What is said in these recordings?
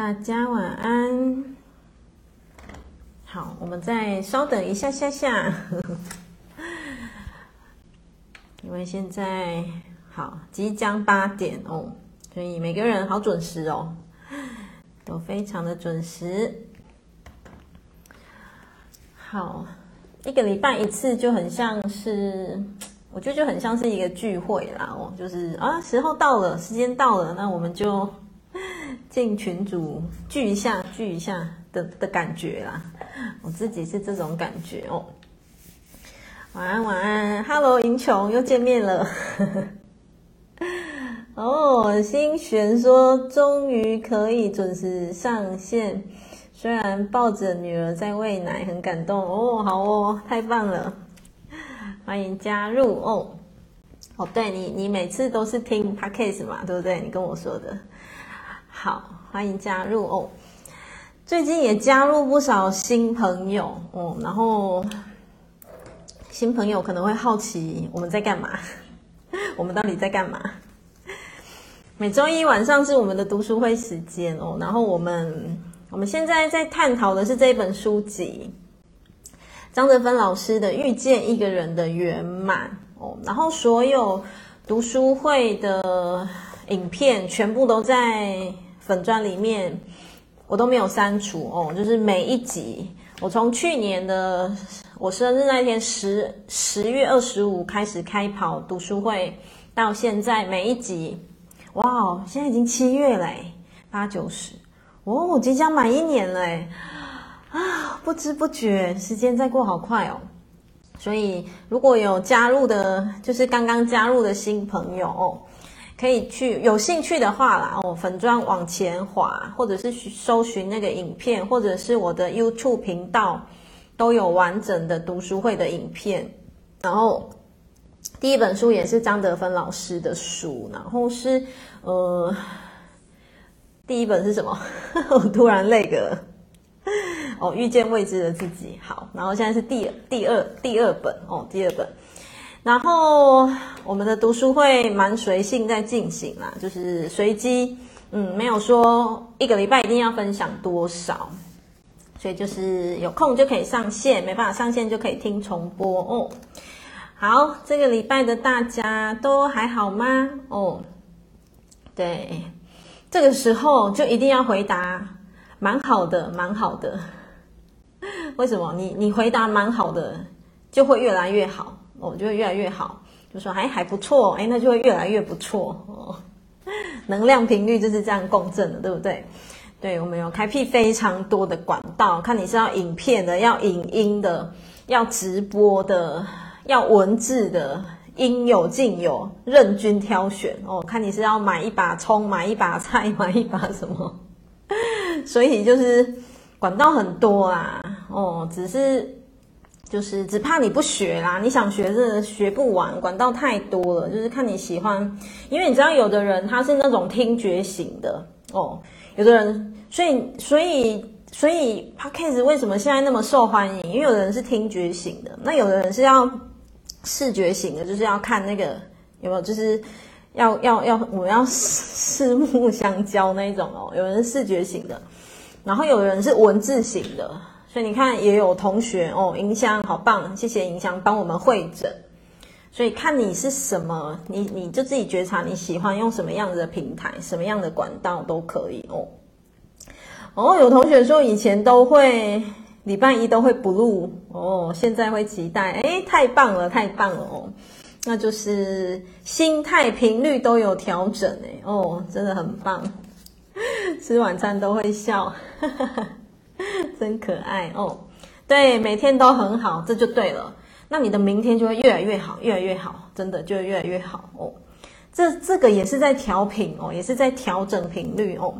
大家晚安。好，我們再稍等一下下下，因為現在好即將八點哦，所以每個人好準時哦，都非常的準時。好，一個禮拜一次就很像是，我覺得就很像是一個聚會啦哦，就是啊，時候到了，時間到了，那我們就。進群組聚一下，聚一下的的感覺啦，我自己是這種感覺哦。晚安，晚安，哈嘍，英瓊又見面了。呵呵。哦，心璇說終於可以準時上線，雖然抱着女兒在餵奶，很感動哦。好哦，太棒了，歡迎加入哦。哦，對你，你每次都是聽 Podcast 嘛，對不對？你跟我說的。好，歡迎加入哦！最近也加入不少新朋友哦，然後新朋友可能會好奇我們在幹嘛，我們到底在幹嘛？每周一晚上是我們的讀書會時間哦，然後我們我們現在在探討的是這本書籍，張德芬老師的《遇見一個人的圓滿》哦，然後所有讀書會的影片全部都在。本專裡面我都沒有刪除哦，就是每一集，我從去年的我生日那一天十十月二十五開始開跑讀書會，到現在每一集，哇，現在已經七月嘞，八九十哦，即將滿一年嘞，啊，不知不覺時間在過好快哦，所以如果有加入的，就是剛剛加入的新朋友，可以去有興趣的話啦，哦，粉專，往前滑，或者是搜尋那個影片，或者是我的 YouTube 頻道都有完整的讀書會的影片。然後第一本書也是張德芬老師的書，然後是呃，第一本是什麼？ 我突然累格了，哦，遇見未知的自己。好，然後現在是第第二第二本哦，第二本。然後我們的讀書會蠻隨性在進行啦，就是隨機，嗯，沒有說一個禮拜一定要分享多少，所以就是有空就可以上線，沒辦法上線就可以聽重播哦。好，這個禮拜的大家都還好嗎？哦，對，這個時候就一定要回答，蠻好的，蠻好的。為什麼？你你回答蠻好的，就會越來越好。哦，就會越來越好，就說哎還不錯，哎那就會越來越不錯哦。能量頻率就是這樣共振的，對不對？對，我們有開闢非常多的管道，看你是要影片的，要影音的，要直播的，要文字的，應有盡有，任君挑選哦。看你是要買一把蔥，買一把菜，買一把什麼？所以就是管道很多啊，哦，只是。就是只怕你不學啦，你想學是學不完，管道太多了。就是看你喜歡，因為你知道有的人他是那種聽覺型的哦，有的人所以所以所以他開始 c a s 為什麼現在那麼受歡迎？因為有的人是聽覺型的，那有的人是要視覺型的，就是要看那個有沒有，就是要要要我們要四目相交那種哦。有人是視覺型的，然後有人是文字型的。所以你看，也有同學哦，音箱好棒，謝謝音箱幫我們會診。所以看你是什麼，你你就自己覺察你喜歡用什麼樣子的平台、什麼樣的管道都可以哦。哦，有同學說以前都會禮拜一都會補錄哦，現在會期待，哎，太棒了，太棒了哦。那就是心態頻率都有調整哎，哦，真的很棒，吃晚餐都會笑。呵呵真可愛哦，對，每天都很好，這就對了。那你的明天就會越來越好，越來越好，真的就越來越好哦。這這個也是在調頻哦，也是在調整頻率哦。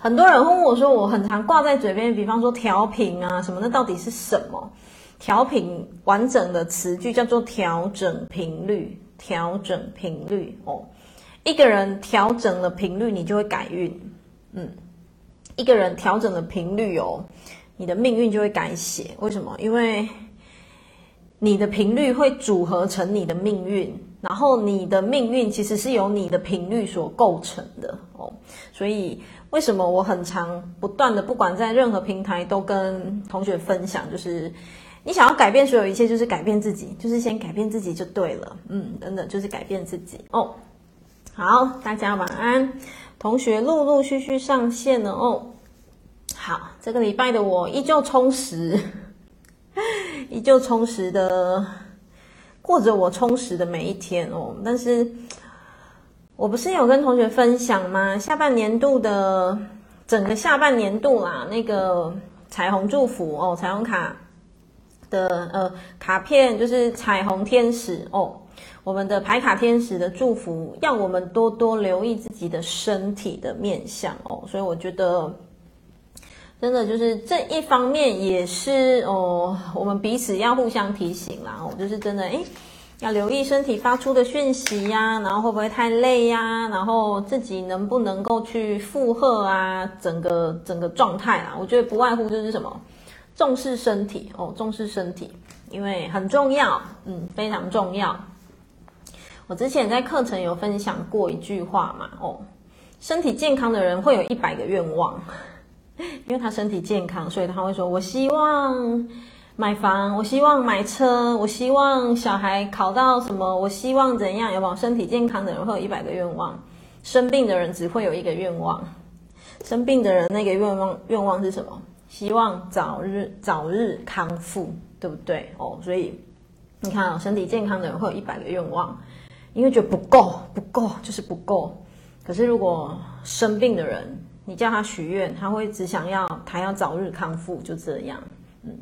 很多人會問我說，我很常掛在嘴邊，比方說調頻啊什麼，那到底是什麼？調頻完整的詞句叫做調整頻率，調整頻率哦。一個人調整了頻率，你就會改運，嗯。一個人調整的頻率哦，你的命運就會改寫。為什麼？因為你的頻率會組合成你的命運，然後你的命運其實是由你的頻率所構成的哦。所以為什麼我很常不斷的，不管在任何平台都跟同學分享，就是你想要改變所有一切，就是改變自己，就是先改變自己就對了。嗯，等等，就是改變自己哦。好，大家晚安。同學陸陸續續上線了哦，好，這個禮拜的我依舊充實，依舊充實的過着我充實的每一天哦。但是，我不是有跟同學分享嗎？下半年度的整個下半年度啦，那個彩虹祝福哦，彩虹卡。的呃，卡片就是彩虹天使哦，我們的牌卡天使的祝福，要我們多多留意自己的身體的面相哦，所以我覺得真的就是這一方面也是哦，我們彼此要互相提醒啦，我、哦、就是真的哎，要留意身體發出的訊息呀、啊，然後會不會太累呀、啊，然後自己能不能夠去負荷啊，整個整個狀態啦，我覺得不外乎就是什麼。重視身體哦，重視身體，因為很重要，嗯，非常重要。我之前在課程有分享過一句話嘛，哦，身體健康的人會有一百個願望，因為他身體健康，所以他會說：“我希望買房，我希望買車，我希望小孩考到什麼，我希望怎樣，有沒有？”身體健康的人會有一百個願望，生病的人只會有一個願望，生病的人那個願望，願望是什麼？希望早日早日康復，對不對？哦，所以你看哦，身體健康的人會有一百個願望，因為覺得不夠，不夠，就是不夠。可是如果生病的人，你叫他許願，他會只想要他要早日康復，就這樣。嗯，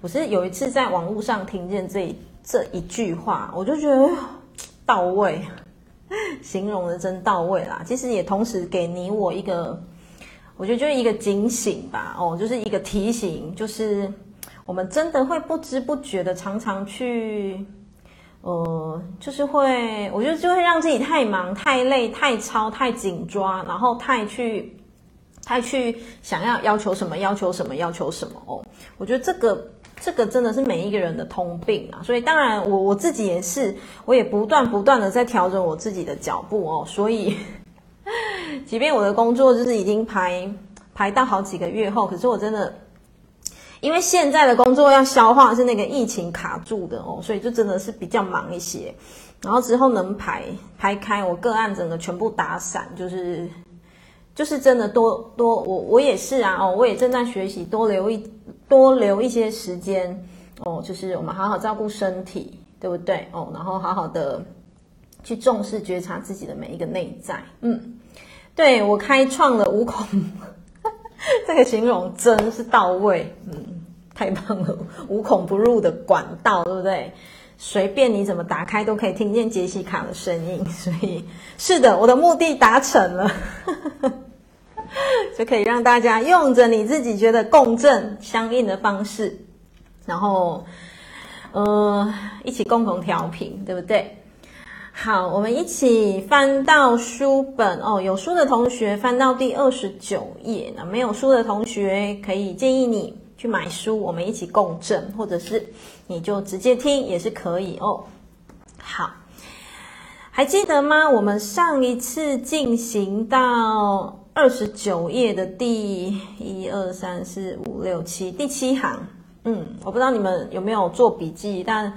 我是有一次在網絡上聽見這這一句話，我就覺得到位，形容得真到位啦。其實也同時給你我一個。我覺得就是一個警醒吧，哦，就是一個提醒，就是我們真的會不知不覺的，常常去，呃，就是會，我覺得就會讓自己太忙、太累、太操、太緊抓，然後太去、太去想要要求什麼、要求什麼、要求什麼哦。我覺得這個、這個真的是每一個人的通病啊。所以，當然我我自己也是，我也不斷不斷的在調整我自己的腳步哦。所以。即便我的工作就是已經排排到好幾個月後，可是我真的，因為現在的工作要消化的是那個疫情卡住的哦，所以就真的是比較忙一些。然後之後能排排開，我個案整個全部打散，就是就是真的多多，我我也是啊哦，我也正在學習，多留一多留一些時間哦，就是我們好好照顧身體，對不對哦？然後好好的。去重視覺察自己的每一個內在，嗯，對，我開創了無孔，呵呵，這個形容真是到位，嗯，太棒了，無孔不入的管道，對不對？隨便你怎麼打開都可以聽見杰西卡的聲音，所以是的，我的目的達成了，呵呵，就可以讓大家用着你自己覺得共振相應的方式，然後，呃，一起共同調頻，對不對？好，我們一起翻到書本哦。有書的同學翻到第二十九頁，那沒有書的同學可以建議你去買書。我們一起共振，或者是你就直接聽也是可以哦。好，還記得嗎？我們上一次進行到二十九頁的第一、二、三、四、五、六、七、第七行。嗯，我不知道你們有沒有做筆記，但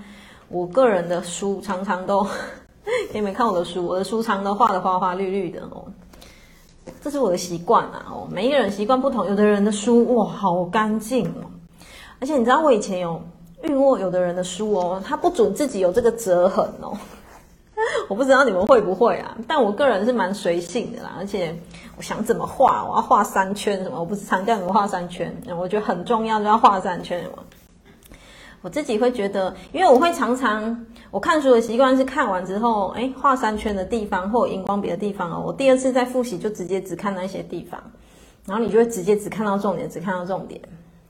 我個人的書常常都。你們看我的書，我的書常都畫得花花綠綠的哦，這是我的習慣啊哦，每一個人習慣不同，有的人的書哇好乾淨哦，而且你知道我以前有遇過有的人的書哦，他不准自己有這個折痕哦，我不知、不知道你們會不會啊，但我個人是蠻隨性的啦，而且我想怎麼畫，我要畫三圈什麼，我不是常叫你們畫三圈，我覺得很重要就要畫三圈什麼。我自己會覺得，因為我會常常我看書的習慣是看完之後，哎，畫三圈的地方或有熒光筆的地方哦，我第二次再複習就直接只看那些地方，然後你就會直接只看到重點，只看到重點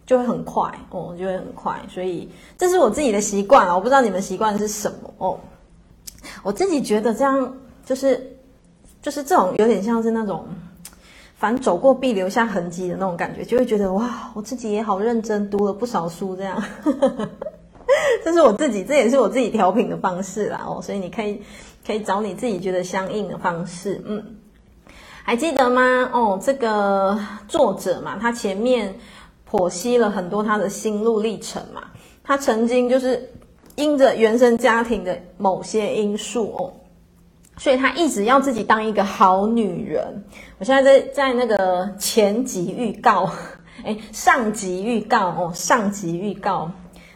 就會很快，我、哦、就會很快，所以這是我自己的習慣，我不知道你們的習慣是什麼哦。我自己覺得這樣就是就是這種有點像是那種。凡走過，必留下痕跡的那種感覺，就會覺得哇，我自己也好認真，讀了不少書，這樣呵呵。這是我自己，這也是我自己調頻的方式啦哦，所以你可以可以找你自己覺得相應的方式，嗯，還記得嗎？哦，這個作者嘛，他前面剖析了很多他的心路歷程嘛，他曾經就是因着原生家庭的某些因素哦。所以她一直要自己當一個好女人。我現在在在那個前集預告，哎，上集預告哦，上集預告，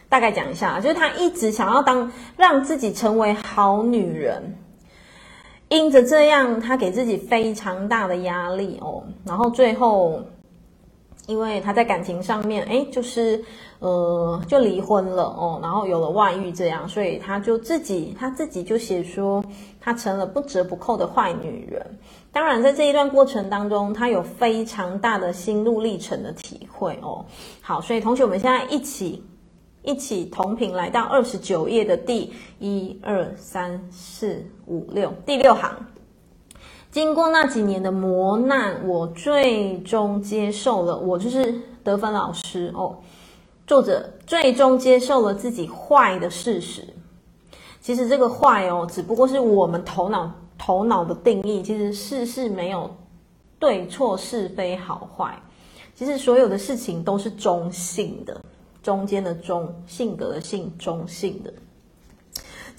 大概講一下，就是她一直想要當，讓自己成為好女人。因着這樣，她給自己非常大的壓力哦，然後最後。因為他在感情上面，哎，就是，呃，就離婚了哦，然後有了外遇這樣，所以他就自己，他自己就寫說，他成了不折不扣的壞女人。當然，在這一段過程當中，他有非常大的心路歷程的體會哦。好，所以同學，我們現在一起一起同頻來到二十九頁的第一二三四五六第六行。經過那幾年的磨難，我最終接受了我就是德芬老師哦。作者最終接受了自己壞的事實。其實這個壞哦，只不過是我們頭腦頭腦的定義。其實事事沒有對錯是非好壞。其實所有的事情都是中性的，中間的中，性格的性，中性的。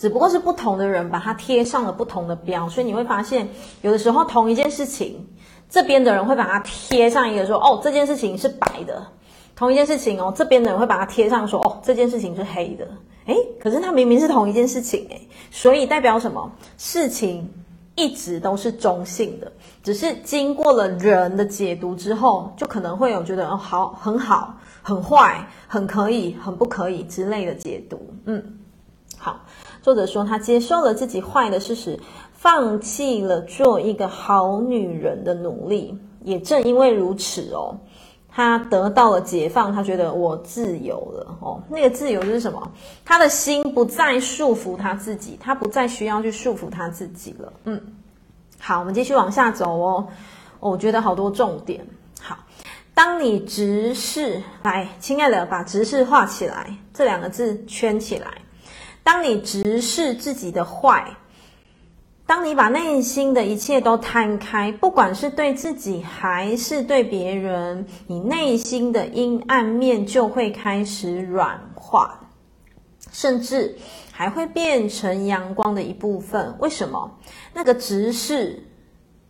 只不過是不同的人把它貼上了不同的標，所以你會發現，有的時候同一件事情，這邊的人會把它貼上一個說哦，這件事情是白的；同一件事情哦，這邊的人會把它貼上說哦，這件事情是黑的。哎，可是它明明是同一件事情欸，所以代表什麼？事情一直都是中性的，只是經過了人的解讀之後，就可能會有覺得哦，好很好，很壞，很可以，很不可以之類的解讀。嗯，好。作者說，他接受了自己壞的事實，放棄了做一個好女人的努力。也正因為如此哦，他得到了解放。他覺得我自由了哦。那個自由就是什麼？他的心不再束縛他自己，他不再需要去束縛他自己了。嗯，好，我們繼續往下走哦。哦，我覺得好多重點。好，當你直視，來，親愛的，把“直視”畫起來，這兩個字圈起來。當你直視自己的壞，當你把內心的一切都攤開，不管是對自己還是對別人，你內心的陰暗面就會開始軟化，甚至還會變成陽光的一部分。為什麼？那個直視，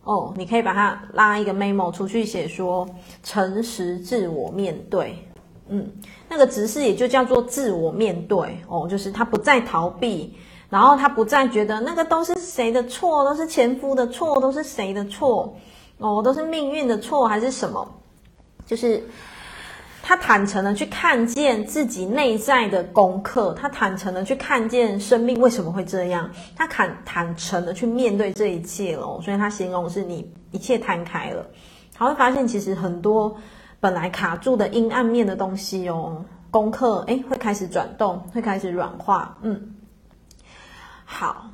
哦，你可以把它拉一個 memo 出去寫說：誠實自我面對。嗯，那個直視也就叫做自我面對哦,就是他不再逃避,然後他不再覺得那個都是誰的錯，都是前夫的錯，都是誰的錯哦，都是命運的錯還是什麼？就是他坦誠的去看見自己內在的功課，他坦誠的去看見生命為什麼會這樣，他坦坦誠的去面對這一切了，所以他形容是你一切攤開了，他會發現其實很多。本來卡住的陰暗面的東西哦，功課哎，會開始轉動，會開始軟化。嗯，好，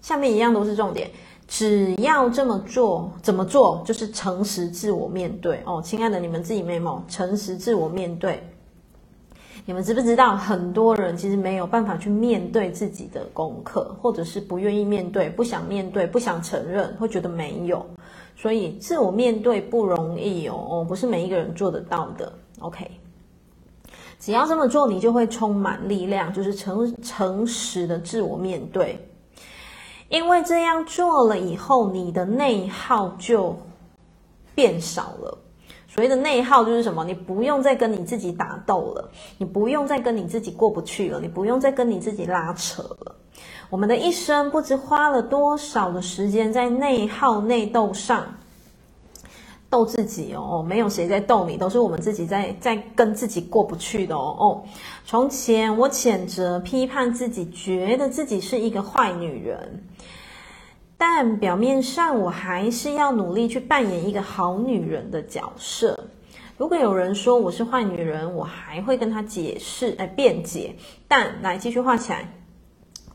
下面一樣都是重點，只要這麼做，怎麼做？就是誠實自我面對哦，親愛的，你們自己沒嗎？誠實自我面對，你們知不知道？很多人其實沒有辦法去面對自己的功課，或者是不願意面對，不想面對，不想承認，會覺得沒有。所以自我面對不容易哦，哦，不是每一個人做得到的。OK，只要這麼做，你就會充滿力量，就是誠誠實的自我面對。因為這樣做了以後，你的內耗就變少了。所謂的內耗就是什麼？你不用再跟你自己打鬥了，你不用再跟你自己過不去了，你不用再跟你自己拉扯了。我們的一生不知花了多少的時間在內耗、內鬥上，鬥自己哦，哦，沒有誰在鬥你，都是我們自己在在跟自己過不去的哦哦。從前我譴責、批判自己，覺得自己是一個壞女人，但表面上我還是要努力去扮演一個好女人的角色。如果有人說我是壞女人，我還會跟他解釋、來、哎、辯解。但來繼續畫起來。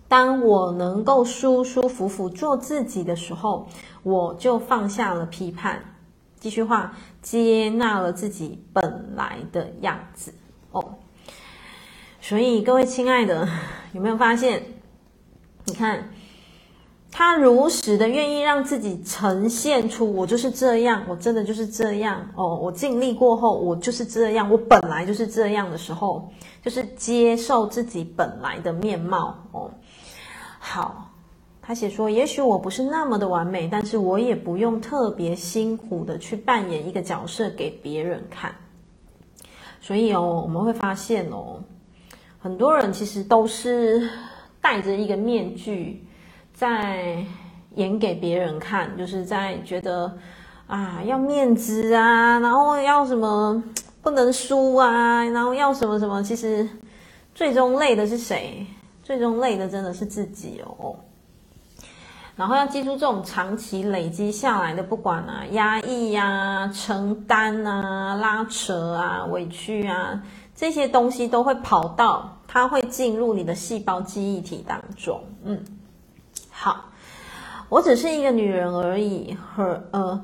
當我能夠舒舒服服做自己的時候，我就放下了批判。繼續畫，接納了自己本來的樣子哦。Oh, 所以各位親愛的，有沒有發現？你看，他如實的願意讓自己呈現出我就是這樣，我真的就是這樣哦。Oh, 我盡力過後，我就是這樣，我本來就是這樣的時候，就是接受自己本來的面貌哦。Oh, 好，他寫說：“也許我不是那麼的完美，但是我也不用特別辛苦的去扮演一個角色給別人看。所以哦，我們會發現哦，很多人其實都是戴着一個面具在演給別人看，就是在覺得啊要面子啊，然後要什麼不能輸啊，然後要什麼什麼，其實最終累的是誰？”最終累的真的是自己哦，哦，然後要記住，這種長期累積下來的，不管啊壓抑呀、啊、承擔啊、拉扯啊、委屈啊，這些東西都會跑到，它會進入你的細胞記憶體當中。嗯，好，我只是一個女人而已，何呃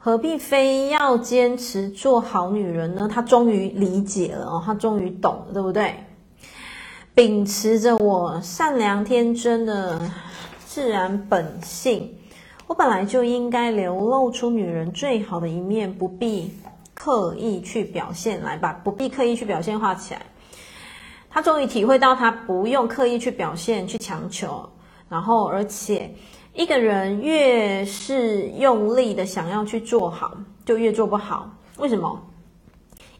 何必非要堅持做好女人呢？她終於理解了哦，她終於懂了，對不對？秉持着我善良天真的自然本性，我本來就應該流露出女人最好的一面，不必刻意去表現來吧，不必刻意去表現化起來。他終於體會到，他不用刻意去表現，去強求。然後，而且一個人越是用力的想要去做好，就越做不好。為什麼？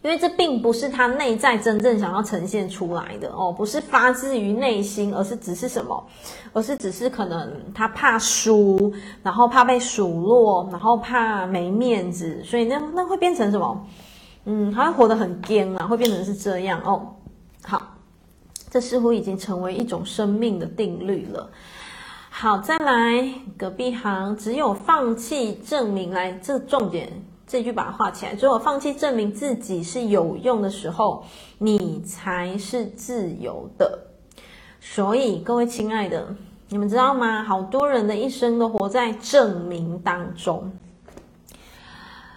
因為這並不是他內在真正想要呈現出來的哦，不是發自於內心，而是只是什麼？而是只是可能他怕輸，然後怕被數落，然後怕沒面子，所以那那會變成什麼？嗯，他會活得很僵啊，會變成是這樣哦。好，這似乎已經成為一種生命的定律了。好，再來隔壁行，只有放棄證明來，這個重點。這句把它畫起來。只有放棄證明自己是有用的時候，你才是自由的。所以，各位親愛的，你們知道嗎？好多人的一生都活在證明當中。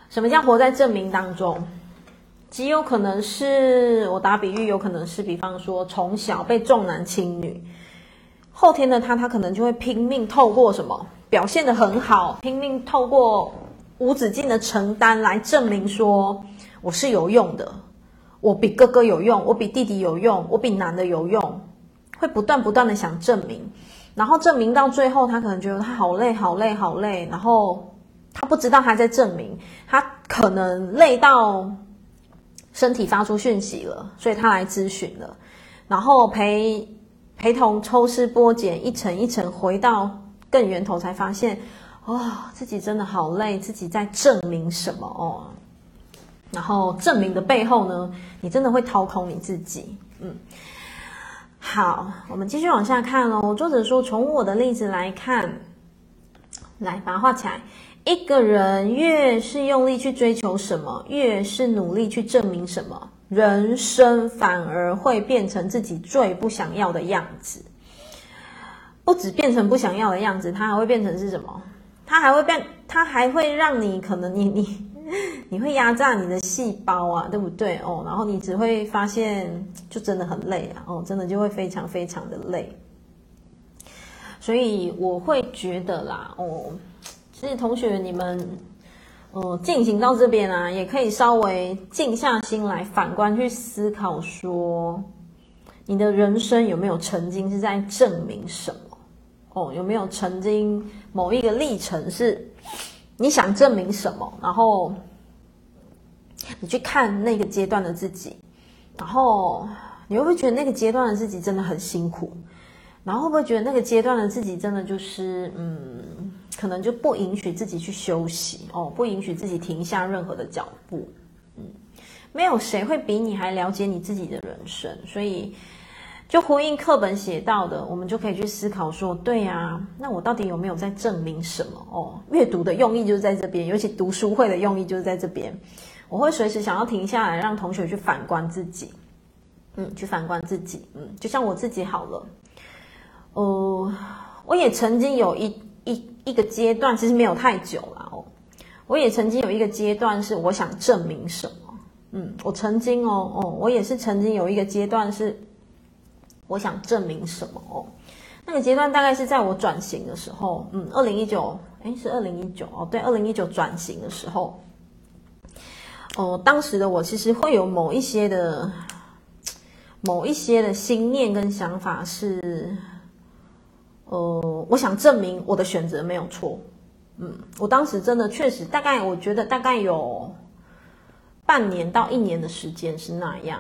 什麼叫活在證明當中？極有可能是我打比喻，有可能是比方說從小被重男輕女，後天的他，他可能就會拼命透過什麼表現得很好，拼命透過。無止境的承擔來證明說，我是有用的，我比哥哥有用，我比弟弟有用，我比男的有用，會不斷不斷的想證明，然後證明到最後，他可能覺得他好累好累好累，然後他不知道他在證明，他可能累到身體發出訊息了，所以他來諮詢了，然後陪陪同抽絲剝繭一層一層回到更源頭，才發現。啊、哦，自己真的好累，自己在證明什麼哦？然後證明的背後呢，你真的會掏空你自己。嗯，好，我們繼續往下看哦，作者說，從我的例子來看，來把它畫起來。一個人越是用力去追求什麼，越是努力去證明什麼，人生反而會變成自己最不想要的樣子。不止變成不想要的樣子，它還會變成是什麼？它還會變，它還會讓你可能你你你會壓榨你的細胞啊，對不對？哦，然後你只會發現就真的很累啊，哦，真的就會非常非常的累。所以我會覺得啦，哦，其實同學你們，哦、嗯，進行到這邊啊，也可以稍微靜下心來，反觀去思考說，你的人生有沒有曾經是在證明什麼？哦，有沒有曾經某一個歷程是，你想證明什麼？然後你去看那個階段的自己，然後你會不會覺得那個階段的自己真的很辛苦？然後會不會覺得那個階段的自己真的就是嗯，可能就不允許自己去休息哦，不允許自己停下任何的腳步？嗯，沒有誰會比你還了解你自己的人生，所以。就呼應課本寫到的，我們就可以去思考說：對呀、啊，那我到底有沒有在證明什麼？哦，閱讀的用意就是在這邊，尤其讀書會的用意就是在這邊。我會隨時想要停下來，讓同學去反觀自己，嗯，去反觀自己，嗯，就像我自己好了。哦、呃，我也曾經有一一一,一個階段，其實沒有太久了哦。我也曾經有一個階段是我想證明什麼？嗯，我曾經哦哦，我也是曾經有一個階段是。我想證明什麼哦？那個階段大概是在我轉型的時候，嗯，二零一九，哎，是二零一九哦，對，二零一九轉型的時候，哦、呃，當時的我其實會有某一些的，某一些的心念跟想法是，呃，我想證明我的選擇沒有錯，嗯，我當時真的確實大概，我覺得大概有半年到一年的時間是那樣，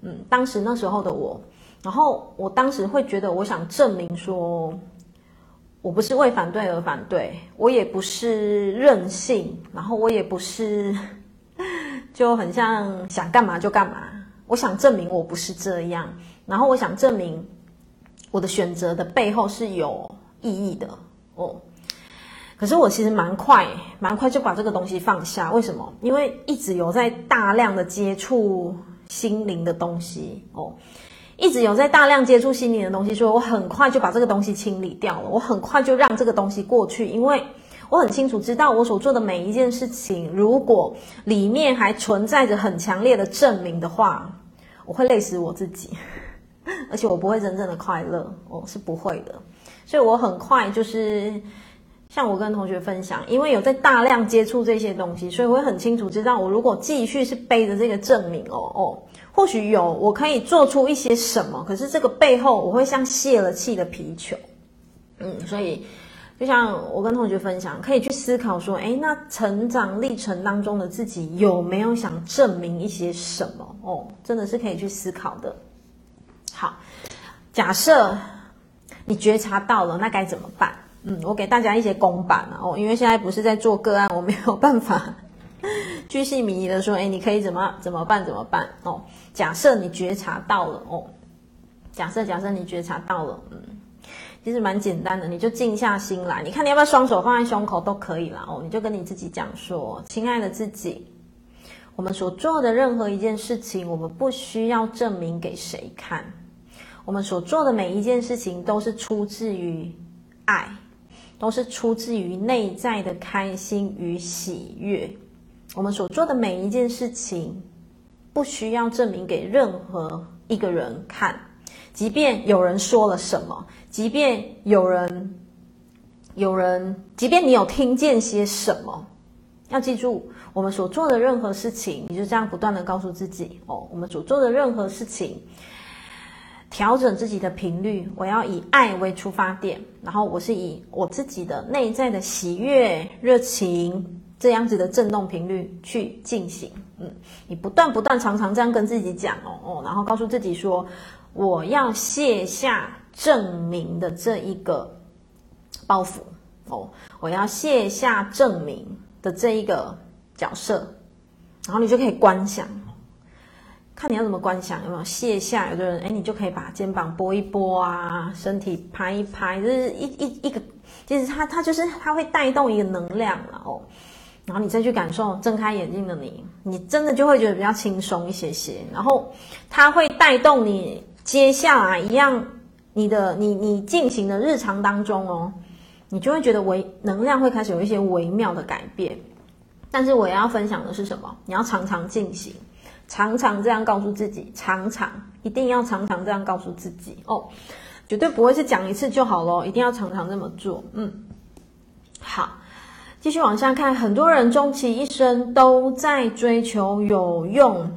嗯，當時那時候的我。然後我當時會覺得，我想證明說，我不是為反對而反對，我也不是任性，然後我也不是就很像想幹嘛就幹嘛。我想證明我不是這樣，然後我想證明我的選擇的背後是有意義的哦。可是我其實蠻快，蠻快就把這個東西放下。為什麼？因為一直有在大量的接觸心靈的東西哦。一直有在大量接觸心靈的東西，所以我很快就把這個東西清理掉了，我很快就讓這個東西過去，因為我很清楚知道我所做的每一件事情，如果裡面還存在着很強烈的證明的話，我會累死我自己，而且我不會真正的快樂，我、哦、是不會的，所以我很快就是像我跟同學分享，因為有在大量接觸這些東西，所以我會很清楚知道，我如果繼續是背着這個證明哦，哦哦。或許有，我可以做出一些什麼，可是這個背後，我會像洩了氣的皮球，嗯，所以就像我跟同學分享，可以去思考說，哎，那成長歷程當中的自己有沒有想證明一些什麼？哦，真的是可以去思考的。好，假設你覺察到了，那該怎麼辦？嗯，我給大家一些公版啊，哦，因為現在不是在做個案，我沒有辦法。鉅細靡遺的說：“哎，你可以怎麼怎麼辦？怎麼辦？哦，假設你覺察到了哦，假設假設你覺察到了，嗯，其實蠻簡單的，你就靜下心來，你看你要不要雙手放在胸口都可以啦哦，你就跟你自己講說：親愛的自己，我們所做的任何一件事情，我們不需要證明給誰看，我們所做的每一件事情都是出自於愛，都是出自於內在的開心與喜悅。”我們所做的每一件事情，不需要證明給任何一個人看。即便有人說了什麼，即便有人有人，即便你有聽見些什麼，要記住，我們所做的任何事情，你就這樣不斷的告訴自己：哦，我們所做的任何事情，調整自己的頻率，我要以愛為出發點，然後我是以我自己的內在的喜悅、熱情。這樣子的震動頻率去進行，嗯，你不斷不斷常常這樣跟自己講哦哦，然後告訴自己說，我要卸下證明的這一個包袱哦，我要卸下證明的這一個角色，然後你就可以觀想，看你要怎麼觀想有沒有卸下？有的人哎，你就可以把肩膀撥一撥啊，身體拍一拍，就是一一一個，其實它，它就是它會帶動一個能量了哦。然後你再去感受睜開眼睛的你，你真的就會覺得比較輕鬆一些些。然後它會帶動你接下來一樣，你的你你進行的日常當中哦，你就會覺得微能量會開始有一些微妙的改變。但是我要分享的是什麼？你要常常進行，常常這樣告訴自己，常常一定要常常這樣告訴自己哦，絕對不會是講一次就好咯，一定要常常這麼做。嗯，好。繼續往下看，很多人終其一生都在追求有用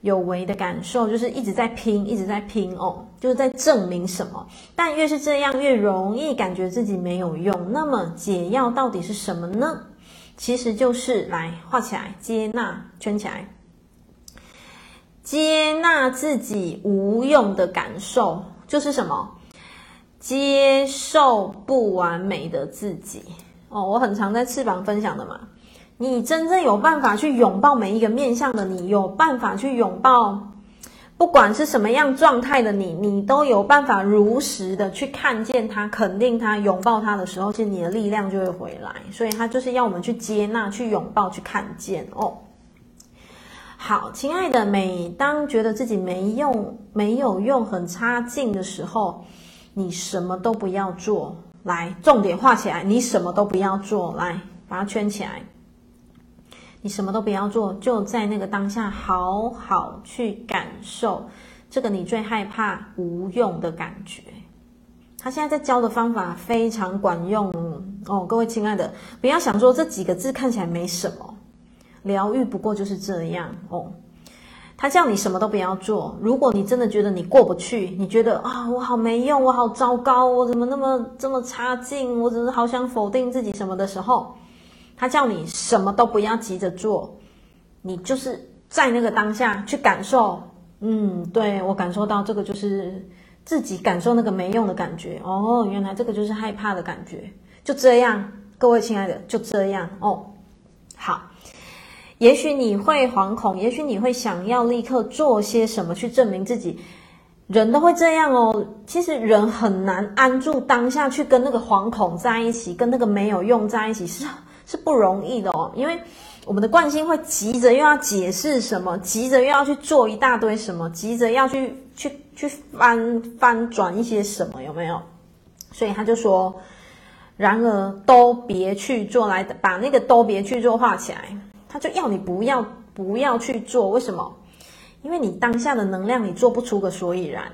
有為的感受，就是一直在拼，一直在拼哦，就是在證明什麼。但越是這樣，越容易感覺自己沒有用。那麼解藥到底是什麼呢？其實就是來畫起來，接納，圈起來，接納自己無用的感受，就是什麼？接受不完美的自己。哦，oh, 我很常在翅膀分享的嘛。你真正有辦法去擁抱每一個面向的你，有辦法去擁抱，不管是什麼樣狀態的你，你都有辦法如實的去看見他，肯定他，擁抱他的時候，其實你的力量就會回來。所以，他就是要我們去接納，去擁抱，去看見哦。Oh, 好，親愛的，每當覺得自己沒用、沒有用、很差勁的時候，你什麼都不要做。來，重點畫起來，你什麼都不要做，來把它圈起來。你什麼都不要做，就在那個當下，好好去感受這個你最害怕無用的感覺。他現在在教的方法非常管用哦，各位親愛的，不要想說這幾個字看起來沒什麼，療癒不過就是這樣哦。他叫你什麼都不要做。如果你真的覺得你過不去，你覺得啊、哦，我好沒用，我好糟糕，我怎麼那麼這麼差勁，我只是好想否定自己什麼的時候，他叫你什麼都不要急着做，你就是在那個當下去感受。嗯，對，我感受到這個就是自己感受那個沒用的感覺。哦，原來這個就是害怕的感覺。就這樣，各位親愛的，就這樣哦。好。也許你會惶恐，也許你會想要立刻做些什麼去證明自己，人都會這樣哦。其實人很難安住當下去跟那個惶恐在一起，跟那個沒有用在一起是是不容易的哦。因為我們的慣性會急着又要解釋什麼，急着又要去做一大堆什麼，急着要去去去翻翻轉一些什麼，有沒有？所以他就說：“然而都別去做來，來把那個都別去做畫起來。”他就要你不要不要去做，為什麼？因為你當下的能量，你做不出個所以然。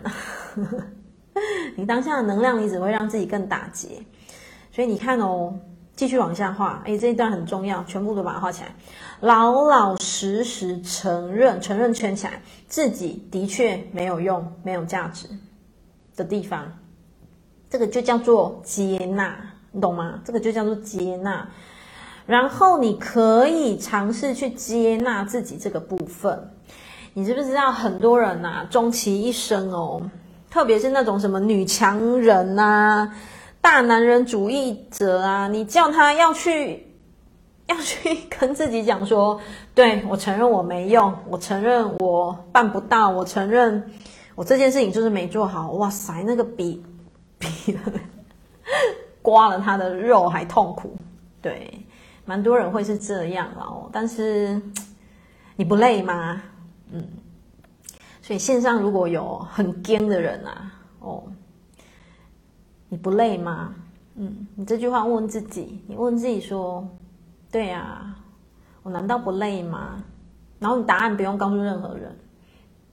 你當下的能量，你只會讓自己更打結。所以你看哦，繼續往下畫，誒、欸、這一段很重要，全部都把它畫起來。老老實實承認，承認圈起來，自己的確沒有用、沒有價值的地方。這個就叫做接納，你懂嗎？這個就叫做接納。然後你可以嘗試去接納自己這個部分。你知不知道很多人啊，終其一生哦，特別是那種什麼女強人吶、啊、大男人主義者啊，你叫他要去，要去跟自己講說，對，我承認我沒用，我承認我辦不到，我承認我這件事情就是沒做好。哇塞，那個比比刮了他的肉還痛苦，對。蠻多人會是這樣哦，但是你不累嗎？嗯，所以線上如果有很尖的人啊，哦，你不累嗎？嗯，你這句話問問自己，你問問自己說，對呀，我難道不累嗎？然後你答案不用告訴任何人，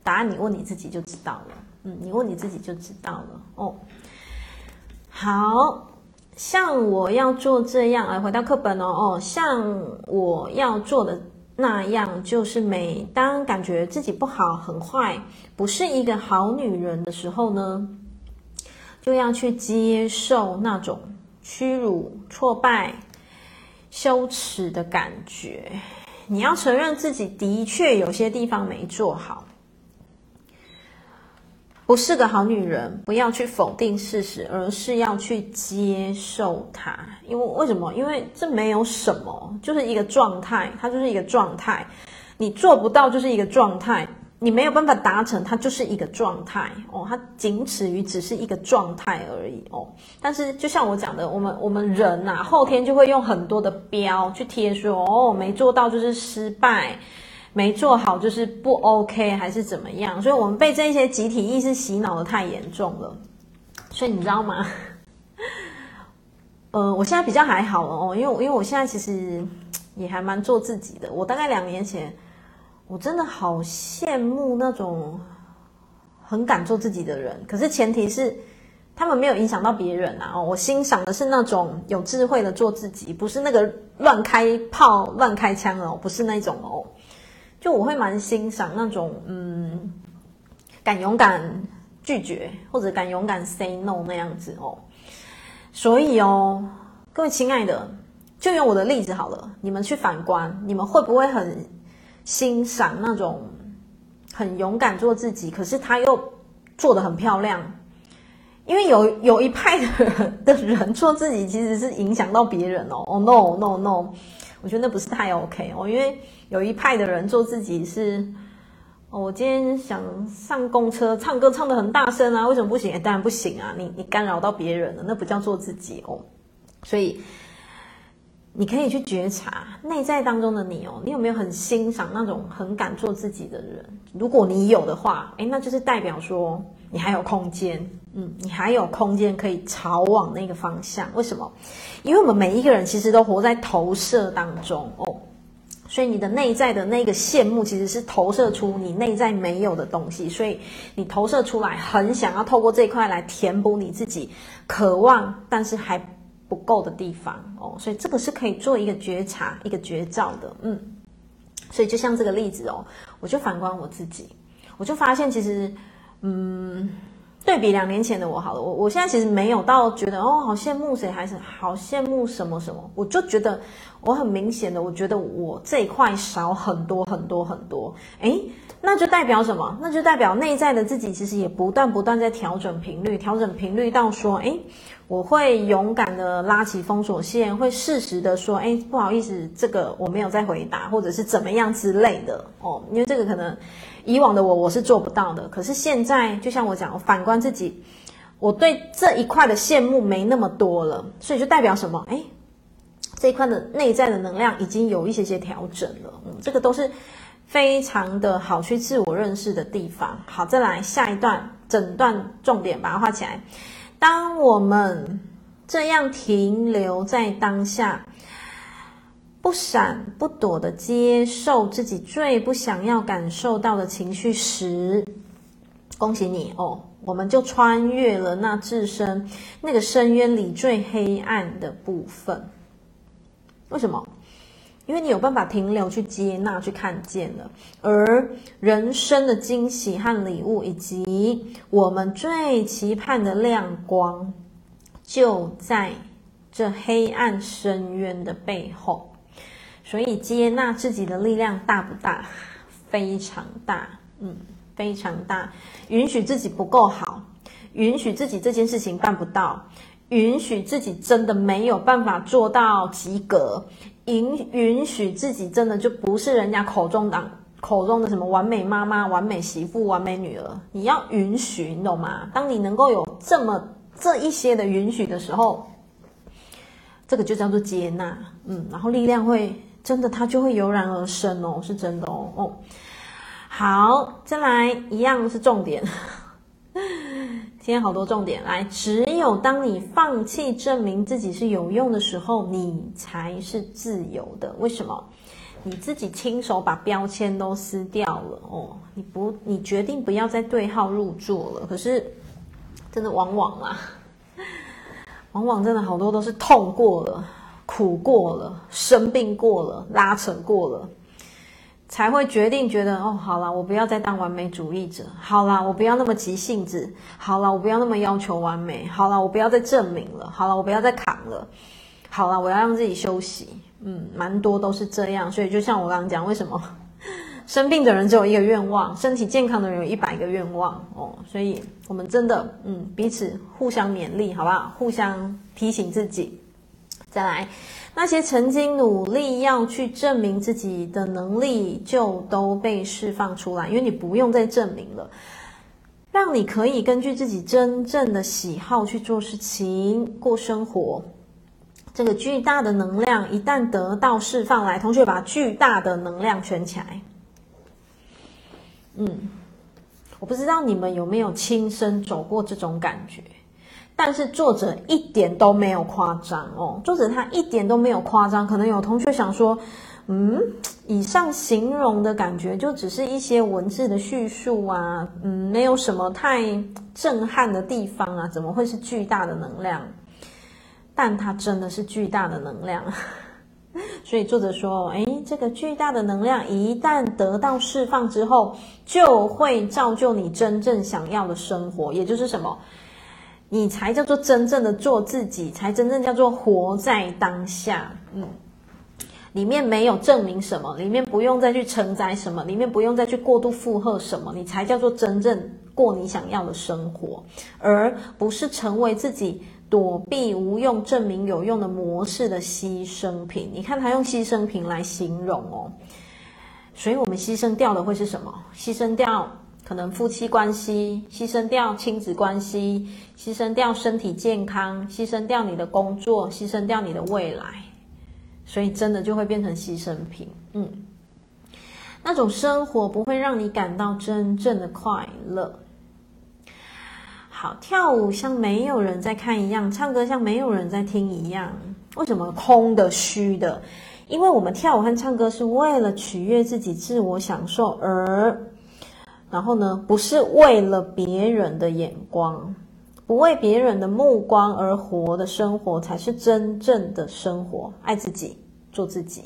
答案你問你自己就知道了。嗯，你問你自己就知道了。哦，好。像我要做這樣，哎，回到課本哦，哦，像我要做的那樣，就是每當感覺自己不好、很壞，不是一個好女人的時候呢，就要去接受那種屈辱、挫敗、羞恥的感覺。你要承認自己的確有些地方沒做好。不是個好女人，不要去否定事實，而是要去接受它。因為為什麼？因為這沒有什麼，就是一個狀態，它就是一個狀態。你做不到就是一個狀態，你沒有辦法達成，它就是一個狀態哦。它僅止於只是一個狀態而已哦。但是就像我講的，我們我們人吶、啊，後天就會用很多的標去貼說哦，沒做到就是失敗。沒做好就是不 OK 還是怎麼樣？所以，我們被這些集體意識洗腦的太嚴重了。所以，你知道嗎？呃，我現在比較還好了哦，因為因為我現在其實也還蠻做自己的。我大概兩年前，我真的好羨慕那種很敢做自己的人。可是，前提是他們沒有影響到別人啊。哦，我欣賞的是那種有智慧的做自己，不是那個亂開炮、亂開槍哦，不是那種哦。就我會蠻欣賞那種，嗯，敢勇敢拒絕或者敢勇敢 say no 那樣子哦。所以哦，各位親愛的，就用我的例子好了，你們去反觀，你們會不會很欣賞那種很勇敢做自己，可是他又做得很漂亮？因為有有一派的，的人做自己，其實是影響到別人哦。哦，oh, no no no。我覺得那不是太 OK 哦，因為有一派的人做自己是，哦，我今天想上公車唱歌，唱得很大聲啊，為什麼不行？誒，當然不行啊，你你干擾到別人了，那不叫做自己哦。所以你可以去覺察內在當中的你哦，你有沒有很欣賞那種很敢做自己的人？如果你有的話，誒，那就是代表說你還有空間。嗯，你還有空間可以朝往那個方向。為什麼？因為我們每一個人其實都活在投射當中哦，所以你的內在的那個羨慕其實是投射出你內在沒有的東西，所以你投射出來很想要透過這塊來填補你自己渴望，但是還不夠的地方哦，所以這個是可以做一個覺察、一個覺照的。嗯，所以就像這個例子哦，我就反觀我自己，我就發現其實，嗯。對比兩年前的我好了，我我現在其實沒有到覺得哦，好羨慕誰還是好羨慕什麼什麼，我就覺得我很明顯的，我覺得我這一塊少很多很多很多，欸，那就代表什麼？那就代表內在的自己其實也不斷不斷在調整頻率，調整頻率到說，欸，我會勇敢的拉起封鎖線，會適時的說，欸，不好意思，這個我沒有再回答，或者是怎麼樣之類的哦，因為這個可能。以往的我，我是做不到的。可是現在，就像我講，我反觀自己，我對這一塊的羨慕沒那麼多了，所以就代表什麼？哎，這一塊的內在的能量已經有一些些調整了。嗯，這個都是非常的好去自我認識的地方。好，再來下一段，整段重點把它畫起來。當我們這樣停留在當下，不閃不躲的接受自己最不想要感受到的情緒時，恭喜你哦！我們就穿越了那自身那個深淵裡最黑暗的部分。為什麼？因為你有辦法停留、去接納、去看見了。而人生的驚喜和禮物，以及我們最期盼的亮光，就在這黑暗深淵的背後。所以接納自己的力量大不大？非常大，嗯，非常大。允許自己不夠好，允許自己這件事情辦不到，允許自己真的沒有辦法做到及格，允允許自己真的就不是人家口中的口中的什麼完美媽媽、完美媳婦、完美女兒。你要允許，你懂嗎？當你能夠有這麼這一些的允許的時候，這個就叫做接納，嗯，然後力量會。真的，它就會油然而生哦，是真的哦哦。好，再來一樣是重點。今天好多重點，來，只有當你放棄證明自己是有用的時候，你才是自由的。為什麼？你自己親手把標籤都撕掉了哦。你不，你決定不要再對號入座了。可是，真的往往啊，往往真的好多都是痛過了。苦過了，生病過了，拉扯過了，才會決定覺得哦，好啦，我不要再當完美主義者。好啦，我不要那麼急性子。好啦，我不要那麼要求完美。好啦，我不要再證明了。好啦，我不要再扛了。好啦，我要讓自己休息。嗯，蠻多都是這樣，所以就像我剛剛講，為什麼生病的人只有一個願望，身體健康的人有一百個願望哦。所以我們真的，嗯，彼此互相勉勵，好不好？互相提醒自己。再來，那些曾經努力要去證明自己的能力，就都被釋放出來，因為你不用再證明了，讓你可以根據自己真正的喜好去做事情、過生活。這個巨大的能量一旦得到釋放，來，同學把巨大的能量圈起來。嗯，我不知道你們有沒有親身走過這種感覺。但是作者一點都沒有誇張哦，作者他一點都沒有誇張。可能有同學想說，嗯，以上形容的感覺就只是一些文字的敘述啊，嗯，沒有什麼太震撼的地方啊，怎麼會是巨大的能量？但它真的是巨大的能量。 所以作者說，誒，這個巨大的能量一旦得到釋放之後，就會造就你真正想要的生活，也就是什麼？你才叫做真正的做自己，才真正叫做活在當下。嗯，裡面沒有證明什麼，裡面不用再去承載什麼，裡面不用再去過度負荷什麼，你才叫做真正過你想要的生活，而不是成為自己躲避無用證明有用的模式的犧牲品。你看他用犧牲品來形容哦，所以我們犧牲掉的會是什麼？犧牲掉。可能夫妻關係犧牲掉，親子關係犧牲掉，身體健康犧牲掉，你的工作犧牲掉，你的未來，所以真的就會變成犧牲品。嗯，那種生活不會讓你感到真正的快樂。好，跳舞像沒有人在看一樣，唱歌像沒有人在聽一樣。為什麼空的虛的？因為我們跳舞和唱歌是為了取悅自己、自我享受，而。然後呢，不是為了別人的眼光，不為別人的目光而活的生活，才是真正的生活。愛自己，做自己。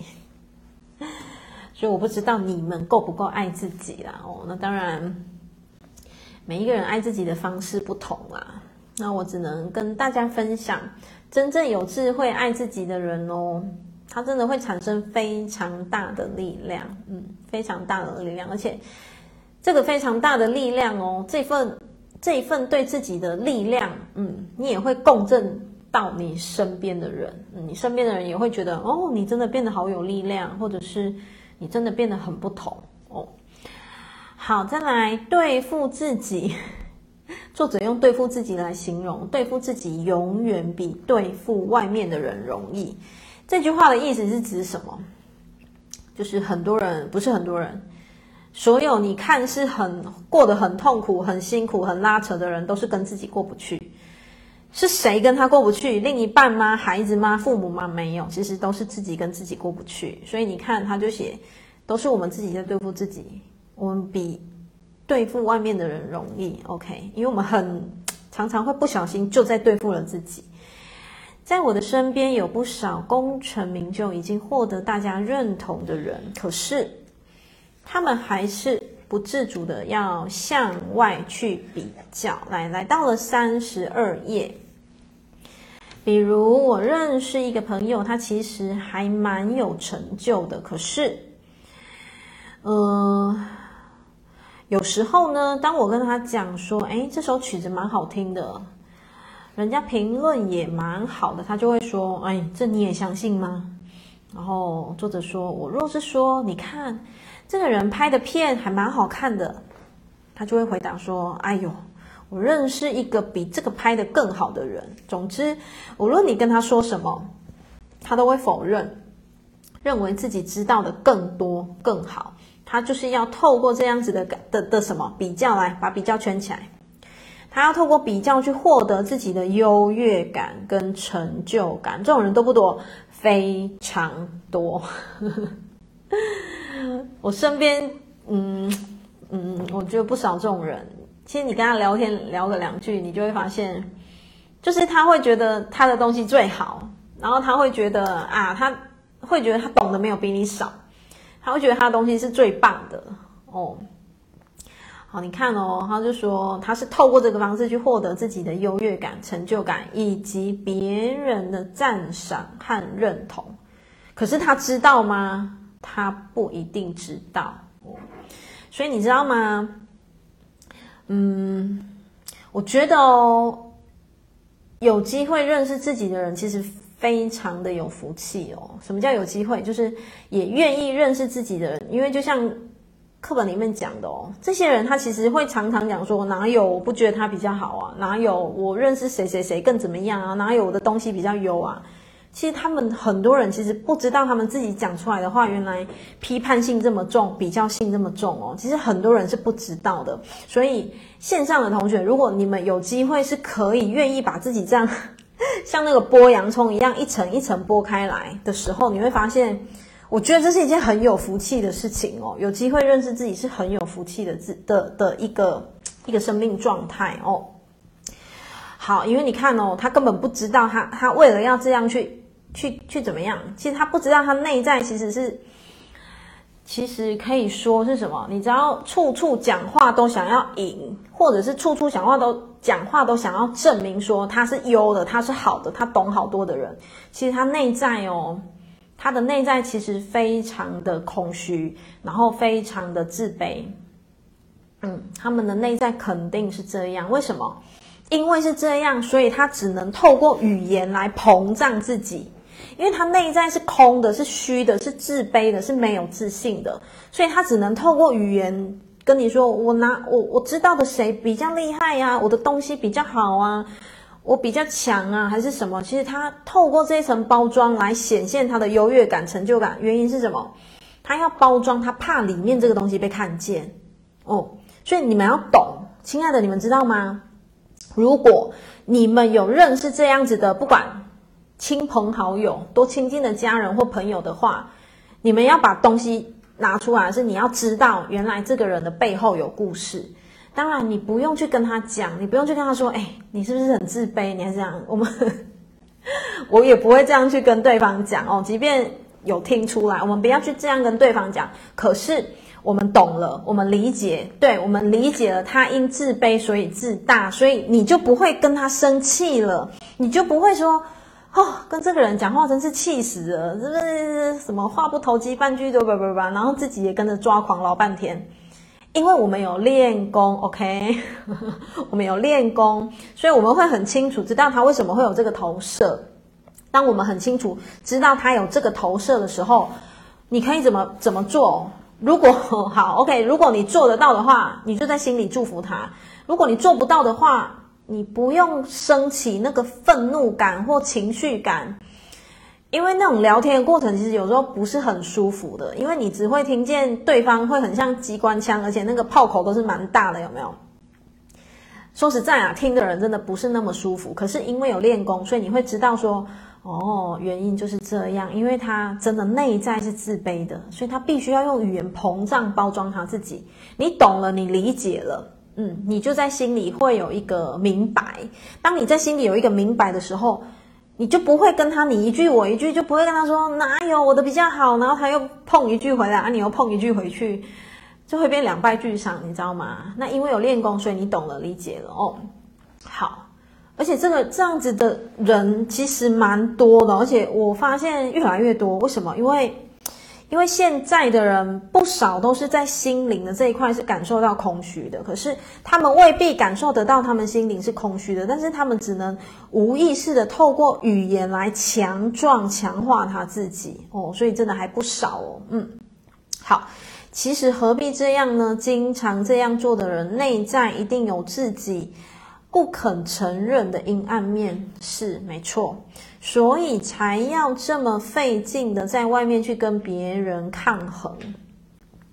所以我不知道你們夠不夠愛自己啦、啊。哦，那當然，每一個人愛自己的方式不同啦、啊。那我只能跟大家分享，真正有智慧愛自己的人哦，他真的會產生非常大的力量，嗯，非常大的力量，而且，這個非常大的力量哦，這份這一份對自己的力量，嗯，你也會共振到你身邊的人，嗯，你身邊的人也會覺得哦，你真的變得好有力量，或者是你真的變得很不同哦。好，再來對付自己。作者用對付自己來形容，對付自己永遠比對付外面的人容易。這句話的意思是指什麼？就是很多人，不是很多人。所有你看是很過得很痛苦、很辛苦、很拉扯的人，都是跟自己過不去。是誰跟他過不去？另一半嗎？孩子嗎？父母嗎？沒有，其實都是自己跟自己過不去。所以你看，他就寫，都是我們自己在對付自己。我們比對付外面的人容易，OK？因為我們很常常會不小心就在對付了自己。在我的身邊有不少功成名就、已經獲得大家認同的人，可是。他們還是不自主的要向外去比較。來，來到了三十二頁，比如我認識一個朋友，他其實還蠻有成就的。可是，呃，有時候呢，當我跟他講說：“哎，這首曲子蠻好聽的，人家評論也蠻好的。”他就會說：“哎，這你也相信嗎？”然後作者說：“我若是說，你看。”這個人拍的片還蠻好看的，他就會回答說：“哎喲，我認識一個比這個拍得更好的人。”總之，無論你跟他說什麼，他都會否認，認為自己知道的更多更好。他就是要透過這樣子的的的什麼比較來把比較圈起來，他要透過比較去獲得自己的優越感跟成就感。這種人多不多，非常多。 我身邊，嗯嗯，我覺得不少這種人。其實你跟他聊天聊個兩句，你就會發現，就是他會覺得他的東西最好，然後他會覺得啊，他會覺得他懂得沒有比你少，他會覺得他的東西是最棒的哦。好，你看哦，他就說他是透過這個方式去獲得自己的優越感、成就感以及別人的讚賞和認同。可是他知道嗎？他不一定知道，所以你知道嗎？嗯，我覺得哦，有機會認識自己的人其實非常的有福氣哦。什麼叫有機會？就是也願意認識自己的人，因為就像課本裡面講的哦，這些人他其實會常常講說，哪有？我不覺得他比較好啊？哪有？我認識誰誰誰更怎麼樣啊？哪有？我的東西比較優啊？其實他們很多人其實不知道，他們自己講出來的話，原來批判性這麼重，比較性這麼重哦。其實很多人是不知道的。所以線上的同學，如果你們有機會，是可以願意把自己這樣像那個剝洋蔥一樣一層一層剝開來的時候，你會發現，我覺得這是一件很有福氣的事情哦。有機會認識自己是很有福氣的自的的一個一個生命狀態哦。好，因為你看哦，他根本不知道他，他他為了要這樣去去去怎麼樣？其實他不知道，他內在其實是，其實可以說是什麼？你知道，處處講話都想要贏，或者是處處講話都講話都想要證明說他是優的，他是好的，他懂好多的人。其實他內在哦，他的內在其實非常的空虛，然後非常的自卑。嗯，他們的內在肯定是這樣，為什麼？因為是這樣，所以他只能透過語言來膨脹自己，因為他內在是空的，是虛的，是自卑的，是沒有自信的，所以他只能透過語言跟你說：“我拿我我知道的誰比較厲害呀？我的東西比較好啊，我比較強啊，還是什麼？”其實他透過這一層包裝來顯現他的優越感、成就感。原因是什麼？他要包裝，他怕裡面這個東西被看見哦。所以你們要懂，親愛的，你們知道嗎？如果你們有認識這樣子的，不管親朋好友、多親近的家人或朋友的話，你們要把東西拿出來，是你要知道原來這個人的背後有故事。當然，你不用去跟他講，你不用去跟他說，哎，你是不是很自卑？你還是這樣，我們我也不會這樣去跟對方講哦。即便有聽出來，我們不要去這樣跟對方講。可是。我們懂了，我們理解，對，我們理解了。他因自卑所以自大，所以你就不會跟他生氣了，你就不會說啊、哦，跟這個人講話真是氣死了，是不是，什麼話不投機半句都不不不，然後自己也跟着抓狂老半天。因為我們有練功，OK， 我們有練功，所以我們會很清楚知道他為什麼會有這個投射。當我們很清楚知道他有這個投射的時候，你可以怎麼怎麼做？如果好，OK，如果你做得到的話，你就在心裡祝福他；如果你做不到的話，你不用升起那個憤怒感或情緒感，因為那種聊天的過程其實有時候不是很舒服的，因為你只會聽見對方會很像機關槍，而且那個炮口都是蠻大的，有沒有？說實在啊，聽的人真的不是那麼舒服。可是因為有練功，所以你會知道說。哦，原因就是這樣，因為他真的內在是自卑的，所以他必須要用語言膨脹包裝他自己。你懂了，你理解了，嗯，你就在心裡會有一個明白。當你在心裡有一個明白的時候，你就不會跟他你一句我一句，就不會跟他說哪有我的比較好，然後他又碰一句回來啊，你又碰一句回去，就會變兩敗俱傷，你知道嗎？那因為有練功，所以你懂了，理解了哦。好。而且這個這樣子的人其實蠻多的，而且我發現越來越多。為什麼？因為，因為現在的人不少都是在心靈的這一塊是感受到空虛的，可是他們未必感受得到他們心靈是空虛的，但是他們只能無意識的透過語言來強壯、強化他自己哦，所以真的還不少哦。嗯，好，其實何必這樣呢？經常這樣做的人，內在一定有自己不肯承認的陰暗面是沒錯，所以才要這麼費勁的在外面去跟別人抗衡。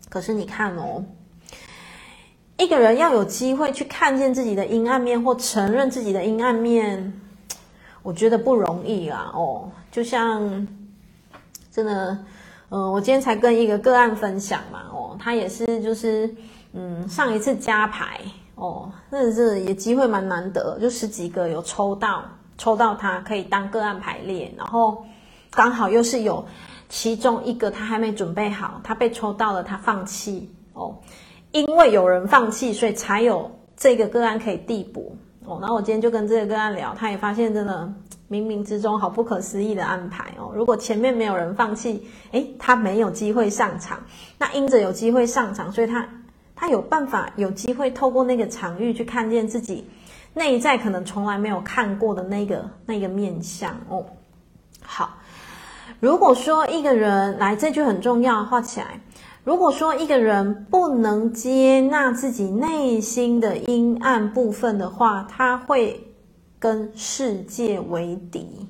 可是你看哦，一個人要有機會去看見自己的陰暗面或承認自己的陰暗面，我覺得不容易啊。哦，就像真的，嗯、呃，我今天才跟一個個案分享嘛，哦，他也是就是，嗯，上一次加牌。哦，那是，也機會蠻難得，就十幾個有抽到，抽到他可以當個案排列，然後剛好又是有其中一個他還沒準備好，他被抽到了，他放棄哦，因為有人放棄，所以才有這個個案可以遞補哦。然後我今天就跟這個個案聊，他也發現真的冥冥之中好不可思議的安排哦。如果前面沒有人放棄，誒，他沒有機會上場，那因着有機會上場，所以他。他有辦法，有機會透過那個場域去看見自己內在可能從來沒有看過的那個那個面相哦。好，如果說一個人來，這句很重要，畫起來。如果說一個人不能接納自己內心的陰暗部分的話，他會跟世界為敵。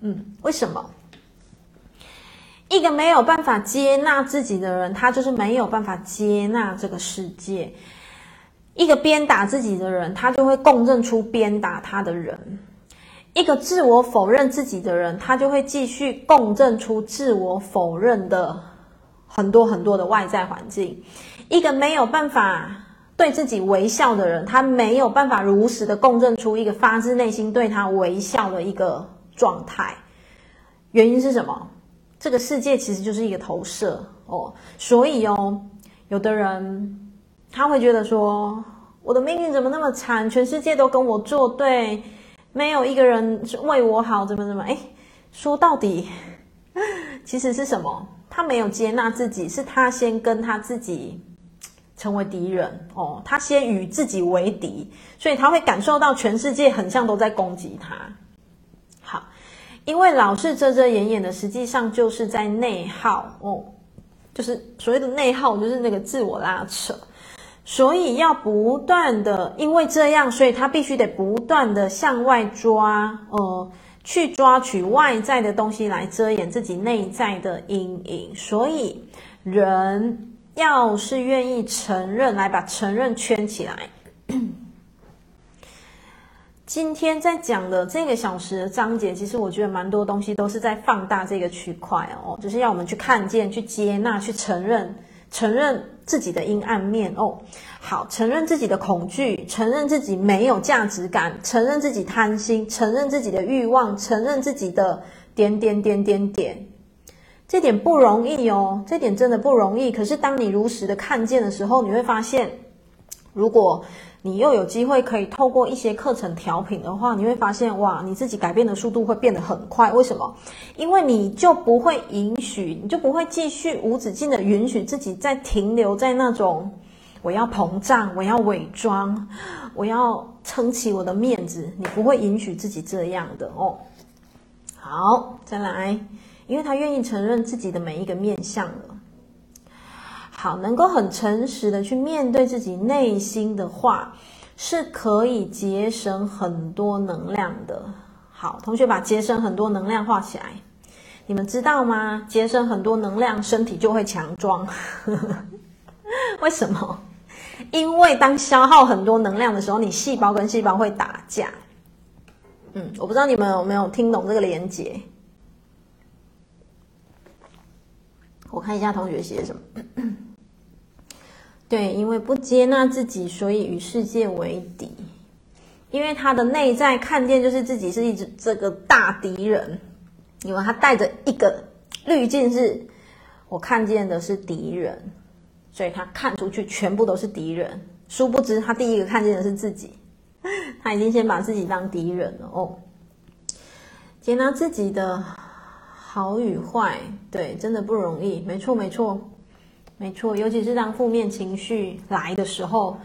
嗯，為什麼？一個沒有辦法接納自己的人，他就是沒有辦法接納這個世界；一個鞭打自己的人，他就會共振出鞭打他的人；一個自我否認自己的人，他就會繼續共振出自我否認的很多很多的外在環境；一個沒有辦法對自己微笑的人，他沒有辦法如實的共振出一個發自內心對他微笑的一個狀態。原因是什麼？這個世界其實就是一個投射哦，所以哦，有的人他會覺得說，我的命運怎麼那麼慘？全世界都跟我作對，沒有一個人為我好，怎麼怎麼？哎，說到底，其實是什麼？他沒有接納自己，是他先跟他自己成為敵人哦，他先與自己為敵，所以他會感受到全世界很像都在攻擊他。因為老是遮遮掩掩的，實際上就是在內耗哦，就是所謂的內耗，就是那個自我拉扯，所以要不斷的，因為這樣，所以他必須得不斷的向外抓哦、呃，去抓取外在的東西來遮掩自己內在的陰影。所以，人要是願意承認，來把承認圈起來。 今天在講的這個小時的章節，其實我覺得蠻多東西都是在放大這個區塊哦，就是要我們去看見、去接納、去承認、承認自己的陰暗面哦。好，承認自己的恐懼，承認自己沒有價值感，承認自己貪心，承認自己的欲望，承認自己的點點點點點。這點不容易哦，這點真的不容易。可是當你如實的看見的時候，你會發現，如果……你又有機會可以透過一些課程調頻的話，你會發現哇，你自己改變的速度會變得很快。為什麼？因為你就不會允許，你就不會繼續無止境的允許自己再停留在那種我要膨脹，我要偽裝，我要撐起我的面子。你不會允許自己這樣的哦。好，再來，因為他願意承認自己的每一個面向了。好，能夠很誠實的去面對自己內心的話，是可以節省很多能量的。好，同學把節省很多能量畫起來。你們知道嗎？節省很多能量，身體就會強壯。 為什麼？因為當消耗很多能量的時候，你細胞跟細胞會打架。嗯，我不知道你們有沒有聽懂這個連結。我看一下同學寫什麼。 對，因為不接納自己，所以與世界為敵。因為他的內在看見就是自己是一隻這個大敵人，因為他帶着一個濾鏡是，是我看見的是敵人，所以他看出去全部都是敵人。殊不知，他第一個看見的是自己，他已經先把自己當敵人了哦。接納自己的好與壞，對，真的不容易。沒錯，沒錯。沒錯，尤其是當負面情緒來的時候，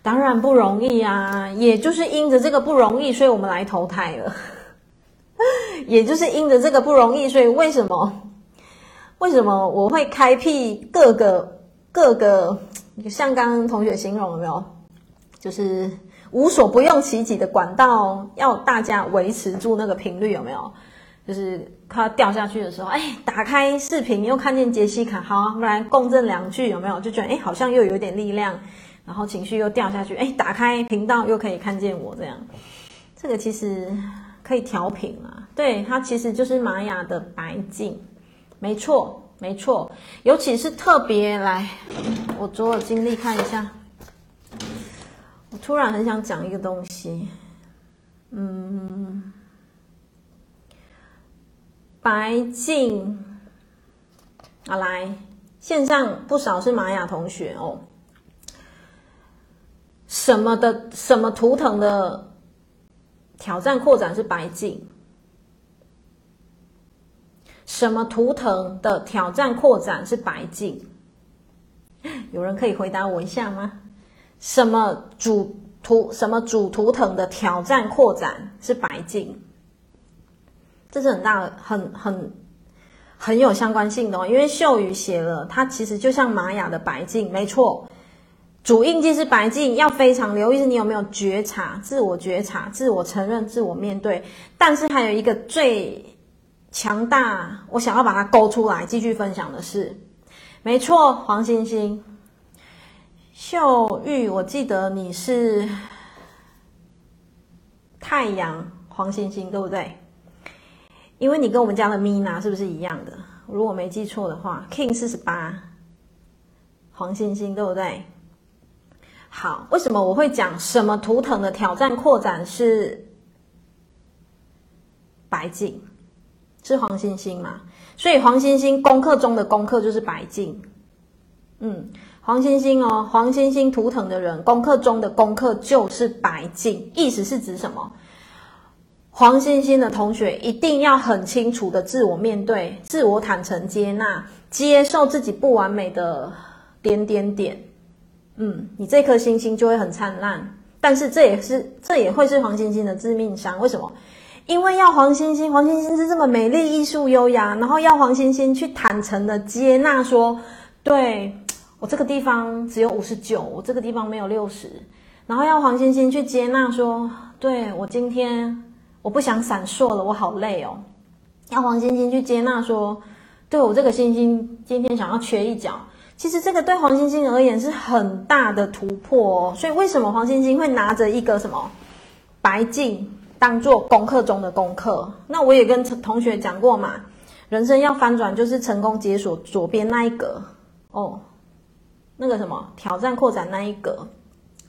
當然不容易啊。也就是因着這個不容易，所以我們來投胎了。 也就是因着這個不容易，所以為什麼，為什麼我會開闢各個各個，像剛剛同學形容有沒有，就是無所不用其極的管道，要大家維持住那個頻率有沒有，就是。它掉下去的時候，哎、欸，打開視頻又看見潔西卡，好，來共振兩句有沒有？就覺得哎、欸，好像又有一點力量，然後情緒又掉下去，哎、欸，打開頻道又可以看見我，這樣，這個其實可以調頻啊，對，它其實就是瑪雅的白鏡，沒錯沒錯，尤其是特別來，我左耳經歷看一下，我突然很想講一個東西，嗯。白鏡，好來，線上不少是瑪雅同學哦。什麼的什麼圖騰的挑戰擴展是白鏡，什麼圖騰的挑戰擴展是白鏡，有人可以回答我一下嗎？什麼主圖什麼主圖騰的挑戰擴展是白鏡？這是很大的、很很很有相關性的哦，因為秀宇寫了，它其實就像瑪雅的白鏡，沒錯，主印記是白鏡，要非常留意是，你有沒有覺察、自我覺察、自我承認、自我面對？但是還有一個最強大，我想要把它勾出來繼續分享的是，沒錯，黃星星，秀玉，我記得你是太陽黃星星，對不對？因為你跟我們家的米娜是不是一樣的？如果沒記錯的話，Kin 四十八，黃星星，對不對？好，為什麼我會講什麼圖騰的挑戰擴展是白鏡、是黃星星嘛？所以黃星星功課中的功課就是白鏡。嗯，黃星星哦，黃星星圖騰的人功課中的功課就是白鏡，意思是指什麼？黃星星的同學一定要很清楚的自我面對、自我坦誠接納、接受自己不完美的點點點。嗯，你這顆星星就會很燦爛。但是這也是，這也會是黃星星的致命傷。為什麼？因為要黃星星，黃星星是這麼美麗、藝術、優雅，然後要黃星星去坦誠的接納，說對，我這個地方只有五十九，我這個地方沒有六十。然後要黃星星去接納，說對，我今天。我不想閃爍了，我好累哦。讓黃星星去接納說，說對，我這個星星今天想要缺一角。其實這個對黃星星而言是很大的突破哦。所以為什麼黃星星會拿着一個什麼白鏡當做功課中的功課？那我也跟同學講過嘛，人生要翻轉就是成功解鎖左邊那一格哦，那個什麼挑戰擴展那一格。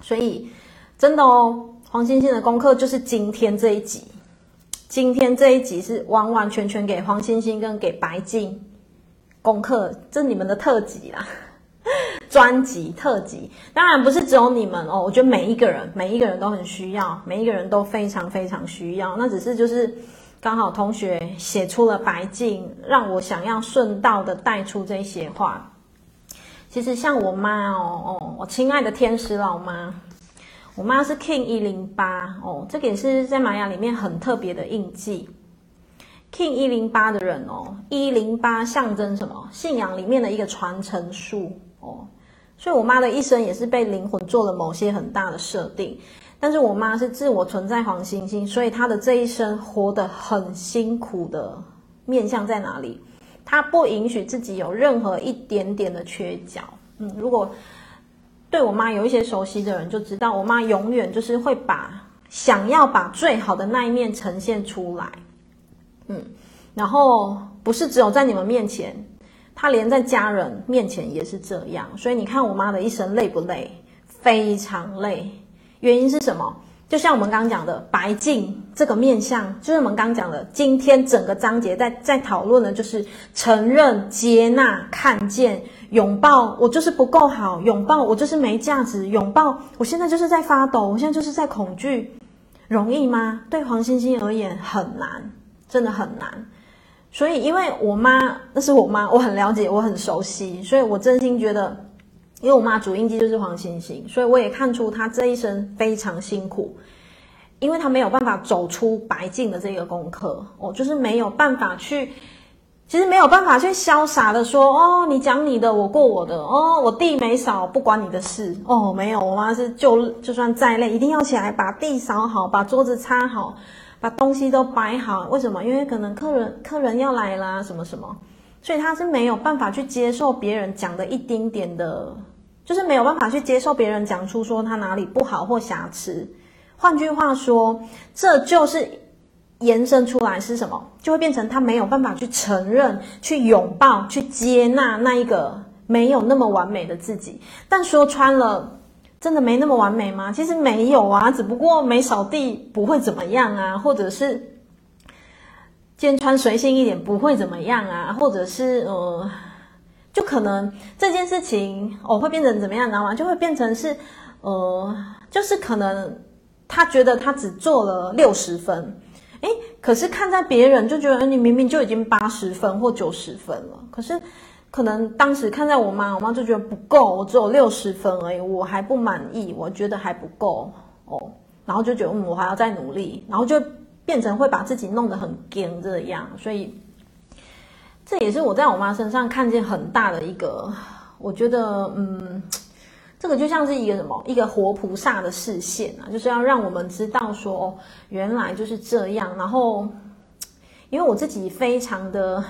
所以真的哦，黃星星的功課就是今天這一集。今天這一集是完完全全給黃星星跟給白靜功課，這是你們的特輯啦、啊，專輯特輯。當然不是只有你們哦，我覺得每一個人，每一個人都很需要，每一個人都非常非常需要。那只是就是剛好同學寫出了白靜，讓我想要順道的帶出這些話。其實像我媽哦哦，我親愛的天使老媽。我媽是 Kin 一零八哦，這個也是在瑪雅裡面很特別的印記。Kin 一零八的人哦，一零八象徵什麼？信仰裡面的一個傳承數哦，所以我媽的一生也是被靈魂做了某些很大的設定。但是我媽是自我存在黃星星，所以她的這一生活得很辛苦的面向在哪裡？她不允許自己有任何一點點的缺角。嗯，如果。對我媽有一些熟悉的人就知道，我媽永遠就是會把想要把最好的那一面呈現出來，嗯，然後不是只有在你們面前，她連在家人面前也是這樣。所以你看我媽的一生累不累？非常累。原因是什麼？就像我們剛剛講的，白鏡這個面向，就是我們剛剛講的，今天整個章節在在討論的，就是承認、接納、看見。擁抱我就是不夠好，擁抱我就是沒價值，擁抱我現在就是在發抖，我現在就是在恐懼，容易嗎？對黃星星而言很難，真的很難。所以因為我媽，那是我媽，我很了解，我很熟悉，所以我真心覺得，因為我媽主印記就是黃星星，所以我也看出她這一生非常辛苦，因為她沒有辦法走出白鏡的這個功課，我就是沒有辦法去。其實沒有辦法去瀟灑的說哦，你講你的，我過我的哦，我地沒掃，不關你的事哦，沒有，我媽是就就算再累，一定要起來把地掃好，把桌子擦好，把東西都擺好。為什麼？因為可能客人客人要來啦啊，什麼什麼，所以她是沒有辦法去接受別人講的一丁點,點的，就是沒有辦法去接受別人講出說她哪裡不好或瑕疵。換句話說，這就是。延伸出來是什麼？就會變成他沒有辦法去承認、去擁抱、去接納那一個沒有那麼完美的自己。但說穿了，真的沒那麼完美嗎？其實沒有啊，只不過沒掃地不會怎麼樣啊，或者是今天穿隨性一點不會怎麼樣啊，或者是呃，就可能這件事情我、哦、會變成怎麼樣，你知道嗎？就會變成是呃，就是可能他覺得他只做了六十分。欸，可是看在別人就覺得，你明明就已經八十分或九十分了，可是可能當時看在我媽，我媽就覺得不夠，我只有六十分而已，我還不滿意，我覺得還不夠、哦、然後就覺得、嗯、我還要再努力，然後就變成會把自己弄得很僵這樣，所以這也是我在我媽身上看見很大的一個，我覺得嗯。這個就像是一個什麼，一個活菩薩的視線啊，就是要讓我們知道說，哦，原來就是這樣。然後，因為我自己非常的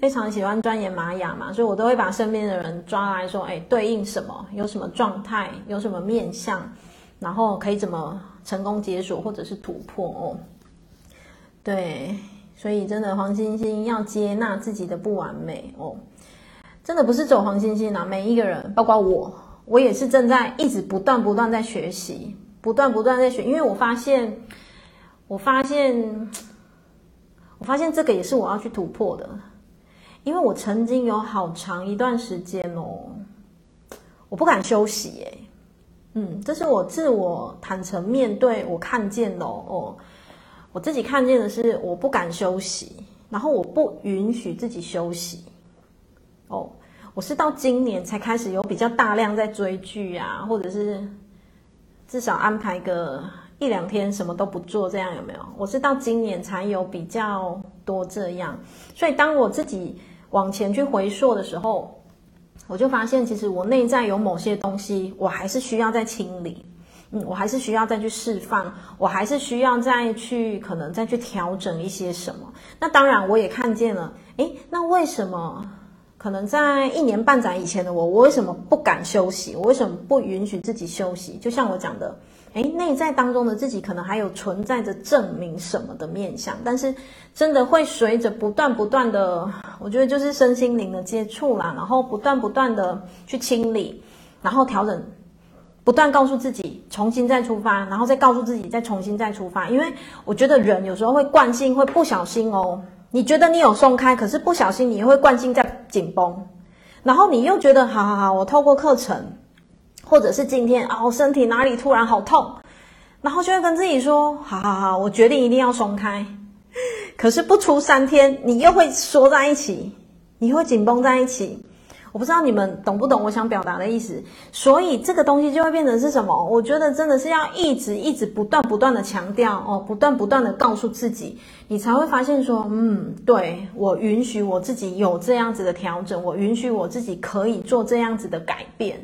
非常喜歡鑽研瑪雅嘛，所以我都會把身邊的人抓來說，哎，對應什麼，有什麼狀態，有什麼面向，然後可以怎麼成功解鎖或者是突破哦。對，所以真的黃星星要接納自己的不完美哦，真的不是走黃星星啊，每一個人，包括我。我也是正在一直不斷不斷在學習，不斷不斷在學，因為我發現，我發現，我發現這個也是我要去突破的，因為我曾經有好長一段時間哦，我不敢休息耶，嗯，這是我自我坦誠面對我看見的哦，哦，我自己看見的是我不敢休息，然後我不允許自己休息，哦。我是到今年才開始有比較大量在追劇啊，或者是至少安排個一兩天什麼都不做這樣有沒有？我是到今年才有比較多這樣，所以當我自己往前去回溯的時候，我就發現其實我內在有某些東西，我還是需要再清理，嗯，我還是需要再去釋放，我還是需要再去可能再去調整一些什麼。那當然我也看見了，誒，那為什麼？可能在一年半載以前的我，我為什麼不敢休息？我為什麼不允許自己休息？就像我講的，誒，內在當中的自己可能還有存在着證明什麼的面相，但是真的會隨着不斷不斷的，我覺得就是身心靈的接觸啦，然後不斷不斷的去清理，然後調整，不斷告訴自己重新再出發，然後再告訴自己再重新再出發，因為我覺得人有時候會慣性，會不小心哦。你覺得你有鬆開，可是不小心你又會慣性在緊繃，然後你又覺得好好好，我透過課程，或者是今天啊，我身體哪裡突然好痛，然後就會跟自己說好好好，我決定一定要鬆開，可是不出三天，你又會縮在一起，你會緊繃在一起。我不知道你們懂不懂我想表達的意思，所以這個東西就會變成是什麼？我覺得真的是要一直一直不斷不斷的強調哦，不斷不斷的告訴自己，你才會發現說，嗯，對，我允許我自己有這樣子的調整，我允許我自己可以做這樣子的改變。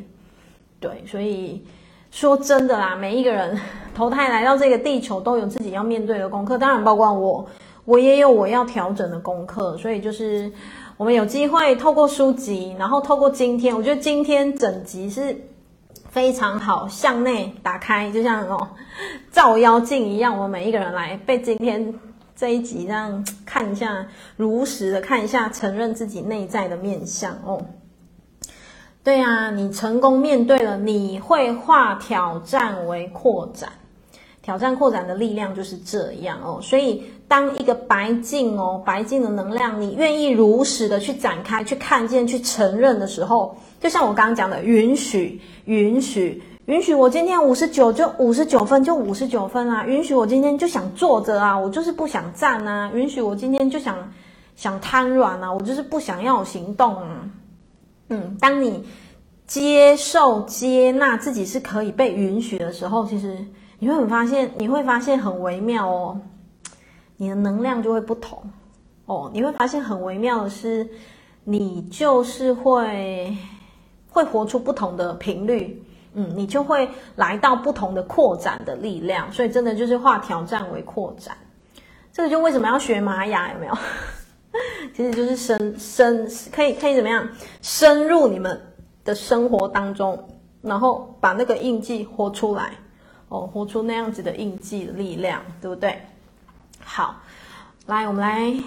對，所以說真的啦，每一個人投胎來到這個地球都有自己要面對的功課，當然包括我，我也有我要調整的功課，所以就是。我們有機會透過書籍，然後透過今天，我覺得今天整集是非常好向內打開，就像哦，照妖鏡一樣，我們每一個人來被今天這一集這樣看一下，如實的看一下，承認自己內在的面相。哦，對啊，你成功面對了，你會化挑戰為擴展，挑戰擴展的力量就是這樣哦，所以。當一個白淨哦，白淨的能量，你願意如實的去展開、去看見、去承認的時候，就像我剛剛講的，允許、允許、允許。我今天五十九就五十九分就五十九分啦、啊。允許我今天就想坐着啊，我就是不想站啊，允許我今天就想想癱軟啊，我就是不想要行動啊。嗯，當你接受接納自己是可以被允許的時候，其實你會很發現，你會發現很微妙哦。你的能量就會不同哦，你會發現很微妙的是，你就是會會活出不同的頻率，嗯，你就會來到不同的擴展的力量，所以真的就是化挑戰為擴展。這個就為什麼要學瑪雅有沒有？其實就是深深可以可以怎麼樣深入你們的生活當中，然後把那個印記活出來哦，活出那樣子的印記的力量，對不對？好，來，我們來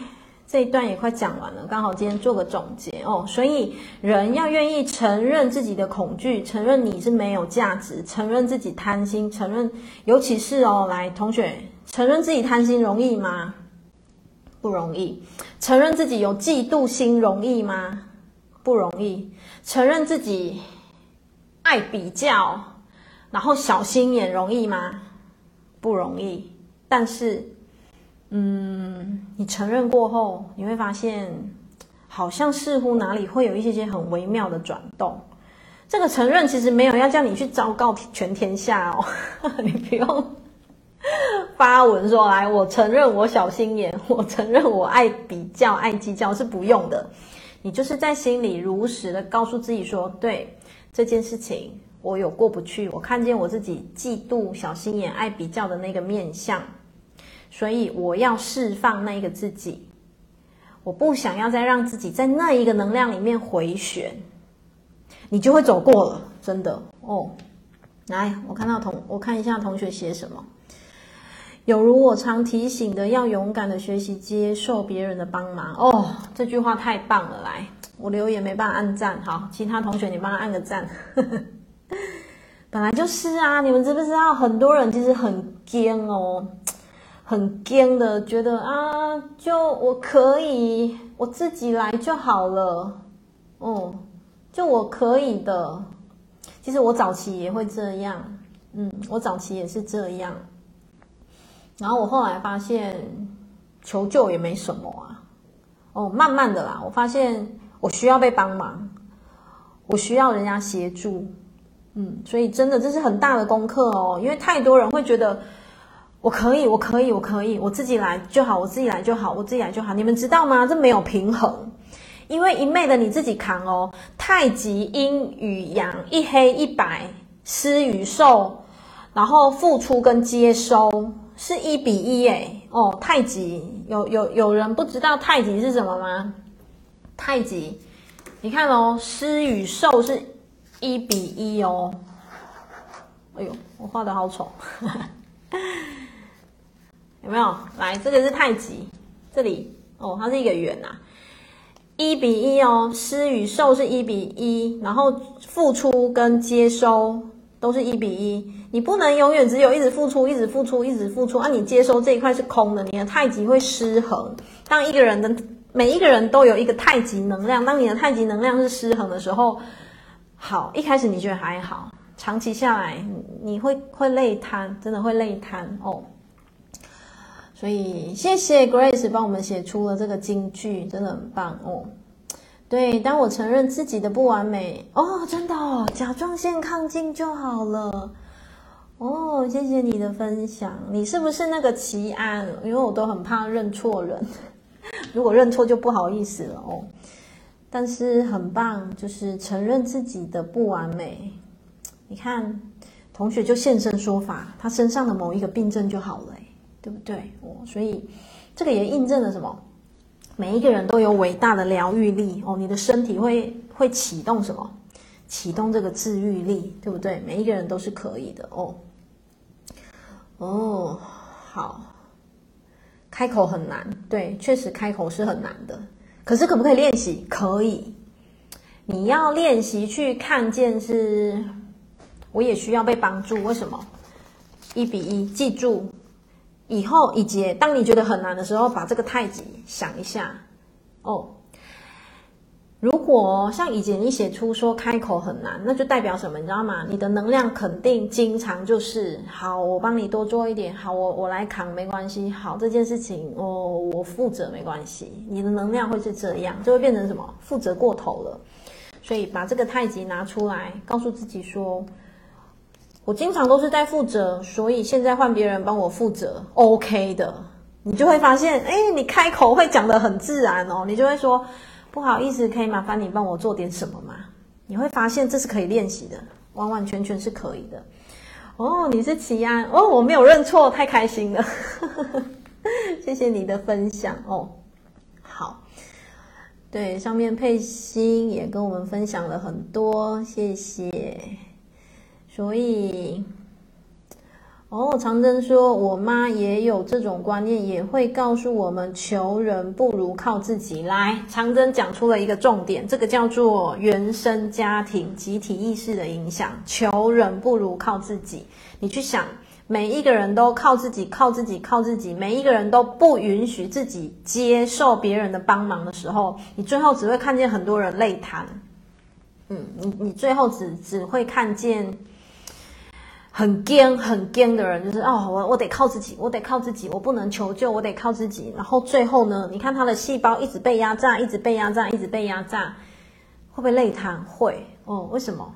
這一段也快講完了，剛好今天做個總結哦。所以，人要願意承認自己的恐懼，承認你是沒有價值，承認自己貪心，承認，尤其是哦，來，同學，承認自己貪心容易嗎？不容易。承認自己有嫉妒心容易嗎？不容易。承認自己愛比較，然後小心眼容易嗎？不容易。但是。嗯，你承認過後，你會發現，好像似乎哪裡會有一些些很微妙的轉動。這個承認其實沒有要叫你去昭告全天下哦， 你不用發文說來，我承認我小心眼，我承認我愛比較愛計較，是不用的。你就是在心裡如實的告訴自己說，對，這件事情我有過不去，我看見我自己嫉妒、小心眼、愛比較的那個面相。所以我要釋放那一個自己，我不想要再讓自己在那一個能量裡面迴旋，你就會走過了，真的哦。來，我看到同，我看一下同學寫什麼，有如我常提醒的，要勇敢的學習接受別人的幫忙哦。這句話太棒了，來，我留言沒辦法按讚，好，其他同學你幫他按個讚。本來就是啊，你們知不知道很多人其實很奸哦。很驚的，覺得啊，就我可以，我自己來就好了，哦，就我可以的。其實我早期也會這樣，嗯，我早期也是這樣。然後我後來發現，求救也沒什麼啊，哦，慢慢的啦，我發現我需要被幫忙，我需要人家協助，嗯，所以真的這是很大的功課哦，因為太多人會覺得。我可以，我可以，我可以，我自己來就好，我自己來就好，我自己來就好。你們知道嗎？這沒有平衡，因為一味的你自己扛哦。太極陰與陽，一黑一白，施與受，然後付出跟接收是一比一誒。哦，太極有有，有人不知道太極是什麼嗎？太極，你看哦，施與受是一比一哦。哎呦，我畫得好醜。呵呵有沒有來？這個是太極，這裡哦，它是一個圓呐，一比一哦，施與受是一比一，1, 然後付出跟接收都是一比一。1, 你不能永遠只有一直付出，一直付出，一直付出啊！你接收這一塊是空的，你的太極會失衡。當一個人的每一個人都有一個太極能量，當你的太極能量是失衡的時候，好，一開始你覺得還好，長期下來你會會累癱，真的會累癱哦。所以，謝謝 Grace 幫我們寫出了這個金句，真的很棒哦。對，當我承認自己的不完美哦，真的哦，甲狀腺亢進就好了哦。謝謝你的分享，你是不是那個奇安？因為我都很怕認錯人，如果認錯就不好意思了哦。但是很棒，就是承認自己的不完美。你看，同學就現身說法，他身上的某一個病症就好了。對哦，所以這個也印證了什麼？每一個人都有偉大的療癒力哦，你的身體會會啟動什麼？啟動這個治癒力，對不對？每一個人都是可以的哦。哦，好，開口很難，對，確實開口是很難的。可是可不可以練習？可以，你要練習去看見是，我也需要被幫助。為什麼？一比一，記住。以後，以及當你覺得很難的時候，把這個太極想一下哦。如果像以前你寫出說開口很難，那就代表什麼，你知道嗎？你的能量肯定經常就是，好，我幫你多做一點，好，我我來扛，沒關係，好，這件事情，哦，我負責，沒關係。你的能量會是這樣，就會變成什麼？負責過頭了。所以把這個太極拿出來，告訴自己說，我經常都是在負責，所以現在換別人幫我負責，OK 的，你就會發現，哎、欸，你開口會講得很自然哦，你就會說不好意思，可以麻煩你幫我做點什麼嗎？你會發現這是可以練習的，完完全全是可以的哦。你是奇安哦，我沒有認錯，太開心了， 謝謝你的分享哦。好，對，上面佩欣也跟我們分享了很多，謝謝。所以，哦，長徵說，我媽也有這種觀念，也會告訴我們“求人不如靠自己”。來，長徵講出了一個重點，這個叫做原生家庭集體意識的影響，“求人不如靠自己”。你去想，每一個人都靠自己，靠自己，靠自己；每一個人都不允許自己接受別人的幫忙的時候，你最後只會看見很多人累癱。嗯，你你最後只只會看見。很堅很堅的人，就是哦，我我得靠自己，我得靠自己，我不能求救，我得靠自己。然後最後呢，你看他的細胞，一直被壓榨，一直被壓榨，一直被壓榨，會不會累癱？會哦。為什麼？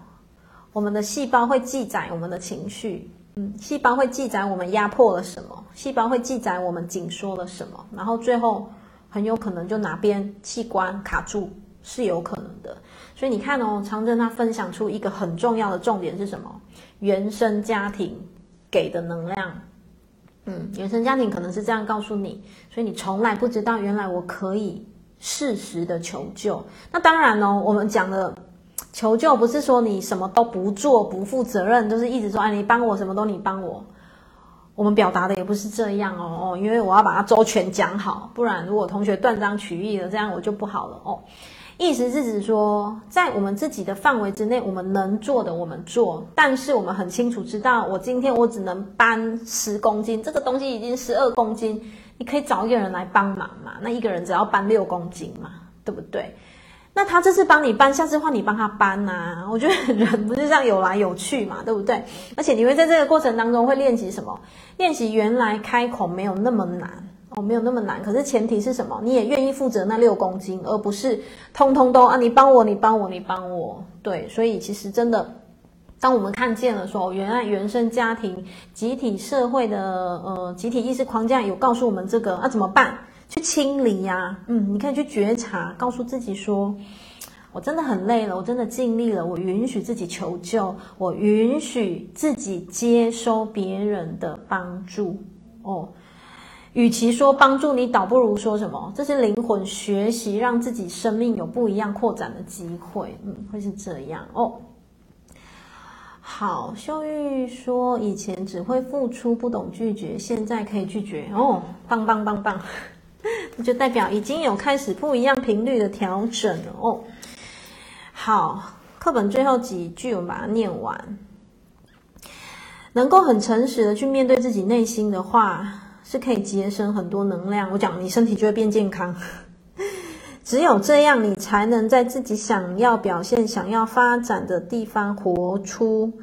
我們的細胞會記載我們的情緒，嗯，細胞會記載我們壓迫了什麼，細胞會記載我們緊縮了什麼，然後最後很有可能就哪邊器官卡住是有可能。的，所以你看哦，長征他分享出一個很重要的重點是什麼？原生家庭給的能量，嗯，原生家庭可能是這樣告訴你，所以你從來不知道原來我可以適時的求救。那當然哦，我們講的求救不是說你什麼都不做，不負責任，就是一直說哎，你幫我什麼都你幫我。我們表達的也不是這樣哦哦，因為我要把它周全講好，不然如果同學斷章取義了，這樣我就不好了哦。意思是指說，在我們自己的範圍之內，我們能做的我們做，但是我們很清楚知道，我今天我只能搬十公斤，這個東西已經十二公斤，你可以找一個人來幫忙嘛，那一個人只要搬六公斤嘛，對不對？那他這次幫你搬，下次換你幫他搬啊，我覺得人不是這樣有來有去嘛，對不對？而且你會在這個過程當中會練習什麼？練習原來開口沒有那麼難。我、哦、沒有那麼難，可是前提是什麼？你也願意負責那六公斤，而不是通通都啊你！你幫我，你幫我，你幫我。對，所以其實真的，當我們看見了說，說原來原生家庭、集體社會的呃集體意識框架有告訴我們這個，啊，怎麼辦？去清理呀、啊，嗯，你可以去覺察，告訴自己說，我真的很累了，我真的盡力了，我允許自己求救，我允許自己接收別人的幫助。哦。與其說幫助你，倒不如說什麼，這是靈魂學習，讓自己生命有不一樣擴展的機會。嗯，會是這樣哦。好，秀玉說，以前只會付出，不懂拒絕，現在可以拒絕哦，棒棒棒棒， 就代表已經有開始不一樣頻率的調整了哦。好，課本最後幾句我們把它念完，能夠很誠實的去面對自己內心的話，是可以節省很多能量，我講你身體就會變健康，只有這樣你才能在自己想要表現、想要發展的地方活出，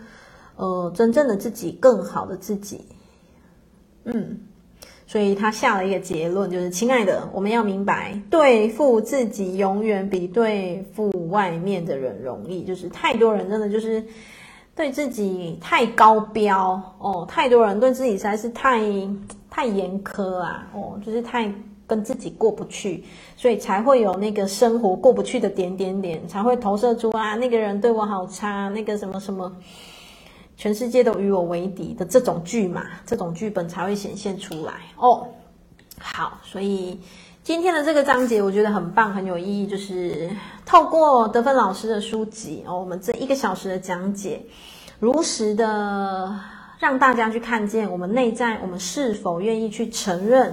呃，真正的自己，更好的自己。嗯，所以他下了一個結論，就是親愛的，我們要明白，對付自己永遠比對付外面的人容易。就是太多人真的就是對自己太高標哦，太多人對自己實在是太。太嚴苛啊，哦，就是太跟自己過不去，所以才會有那個生活過不去的點點點，才會投射出啊，那個人對我好差，那個什麼什麼，全世界都與我為敵的這種劇嘛，這種劇本才會顯現出來哦。好，所以今天的這個章節我覺得很棒，很有意義，就是透過德芬老師的書籍哦，我們這一個小時的講解，如實的。讓大家去看見我們內在，我們是否願意去承認、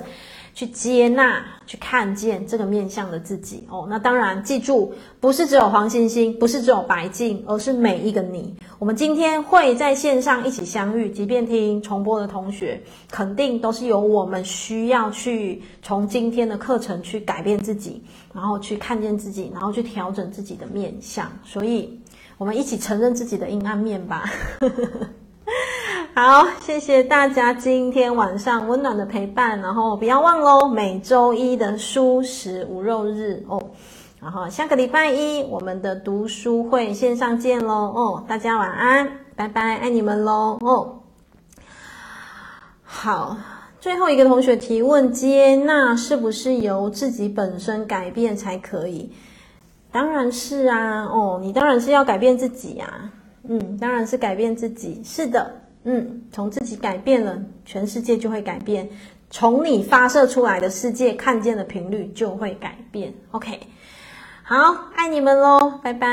去接納、去看見這個面向的自己哦？那當然，記住，不是只有黃星星，不是只有白淨，而是每一個你。我們今天會在線上一起相遇，即便聽重播的同學，肯定都是有我們需要去從今天的課程去改變自己，然後去看見自己，然後去調整自己的面向。所以，我們一起承認自己的陰暗面吧。 好，謝謝大家今天晚上溫暖的陪伴。然後不要忘嘍，每周一的蔬食無肉日哦。然後下個禮拜一我們的讀書會線上見嘍。哦，大家晚安，拜拜，愛你們嘍。哦，好，最後一個同學提問接：接納是不是由自己本身改變才可以？當然是啊。哦，你當然是要改變自己呀、啊。嗯，當然是改變自己，是的。嗯，從自己改變了，全世界就會改變。從你發射出來的世界看見的頻率就會改變。OK，好，愛你們咯，拜拜。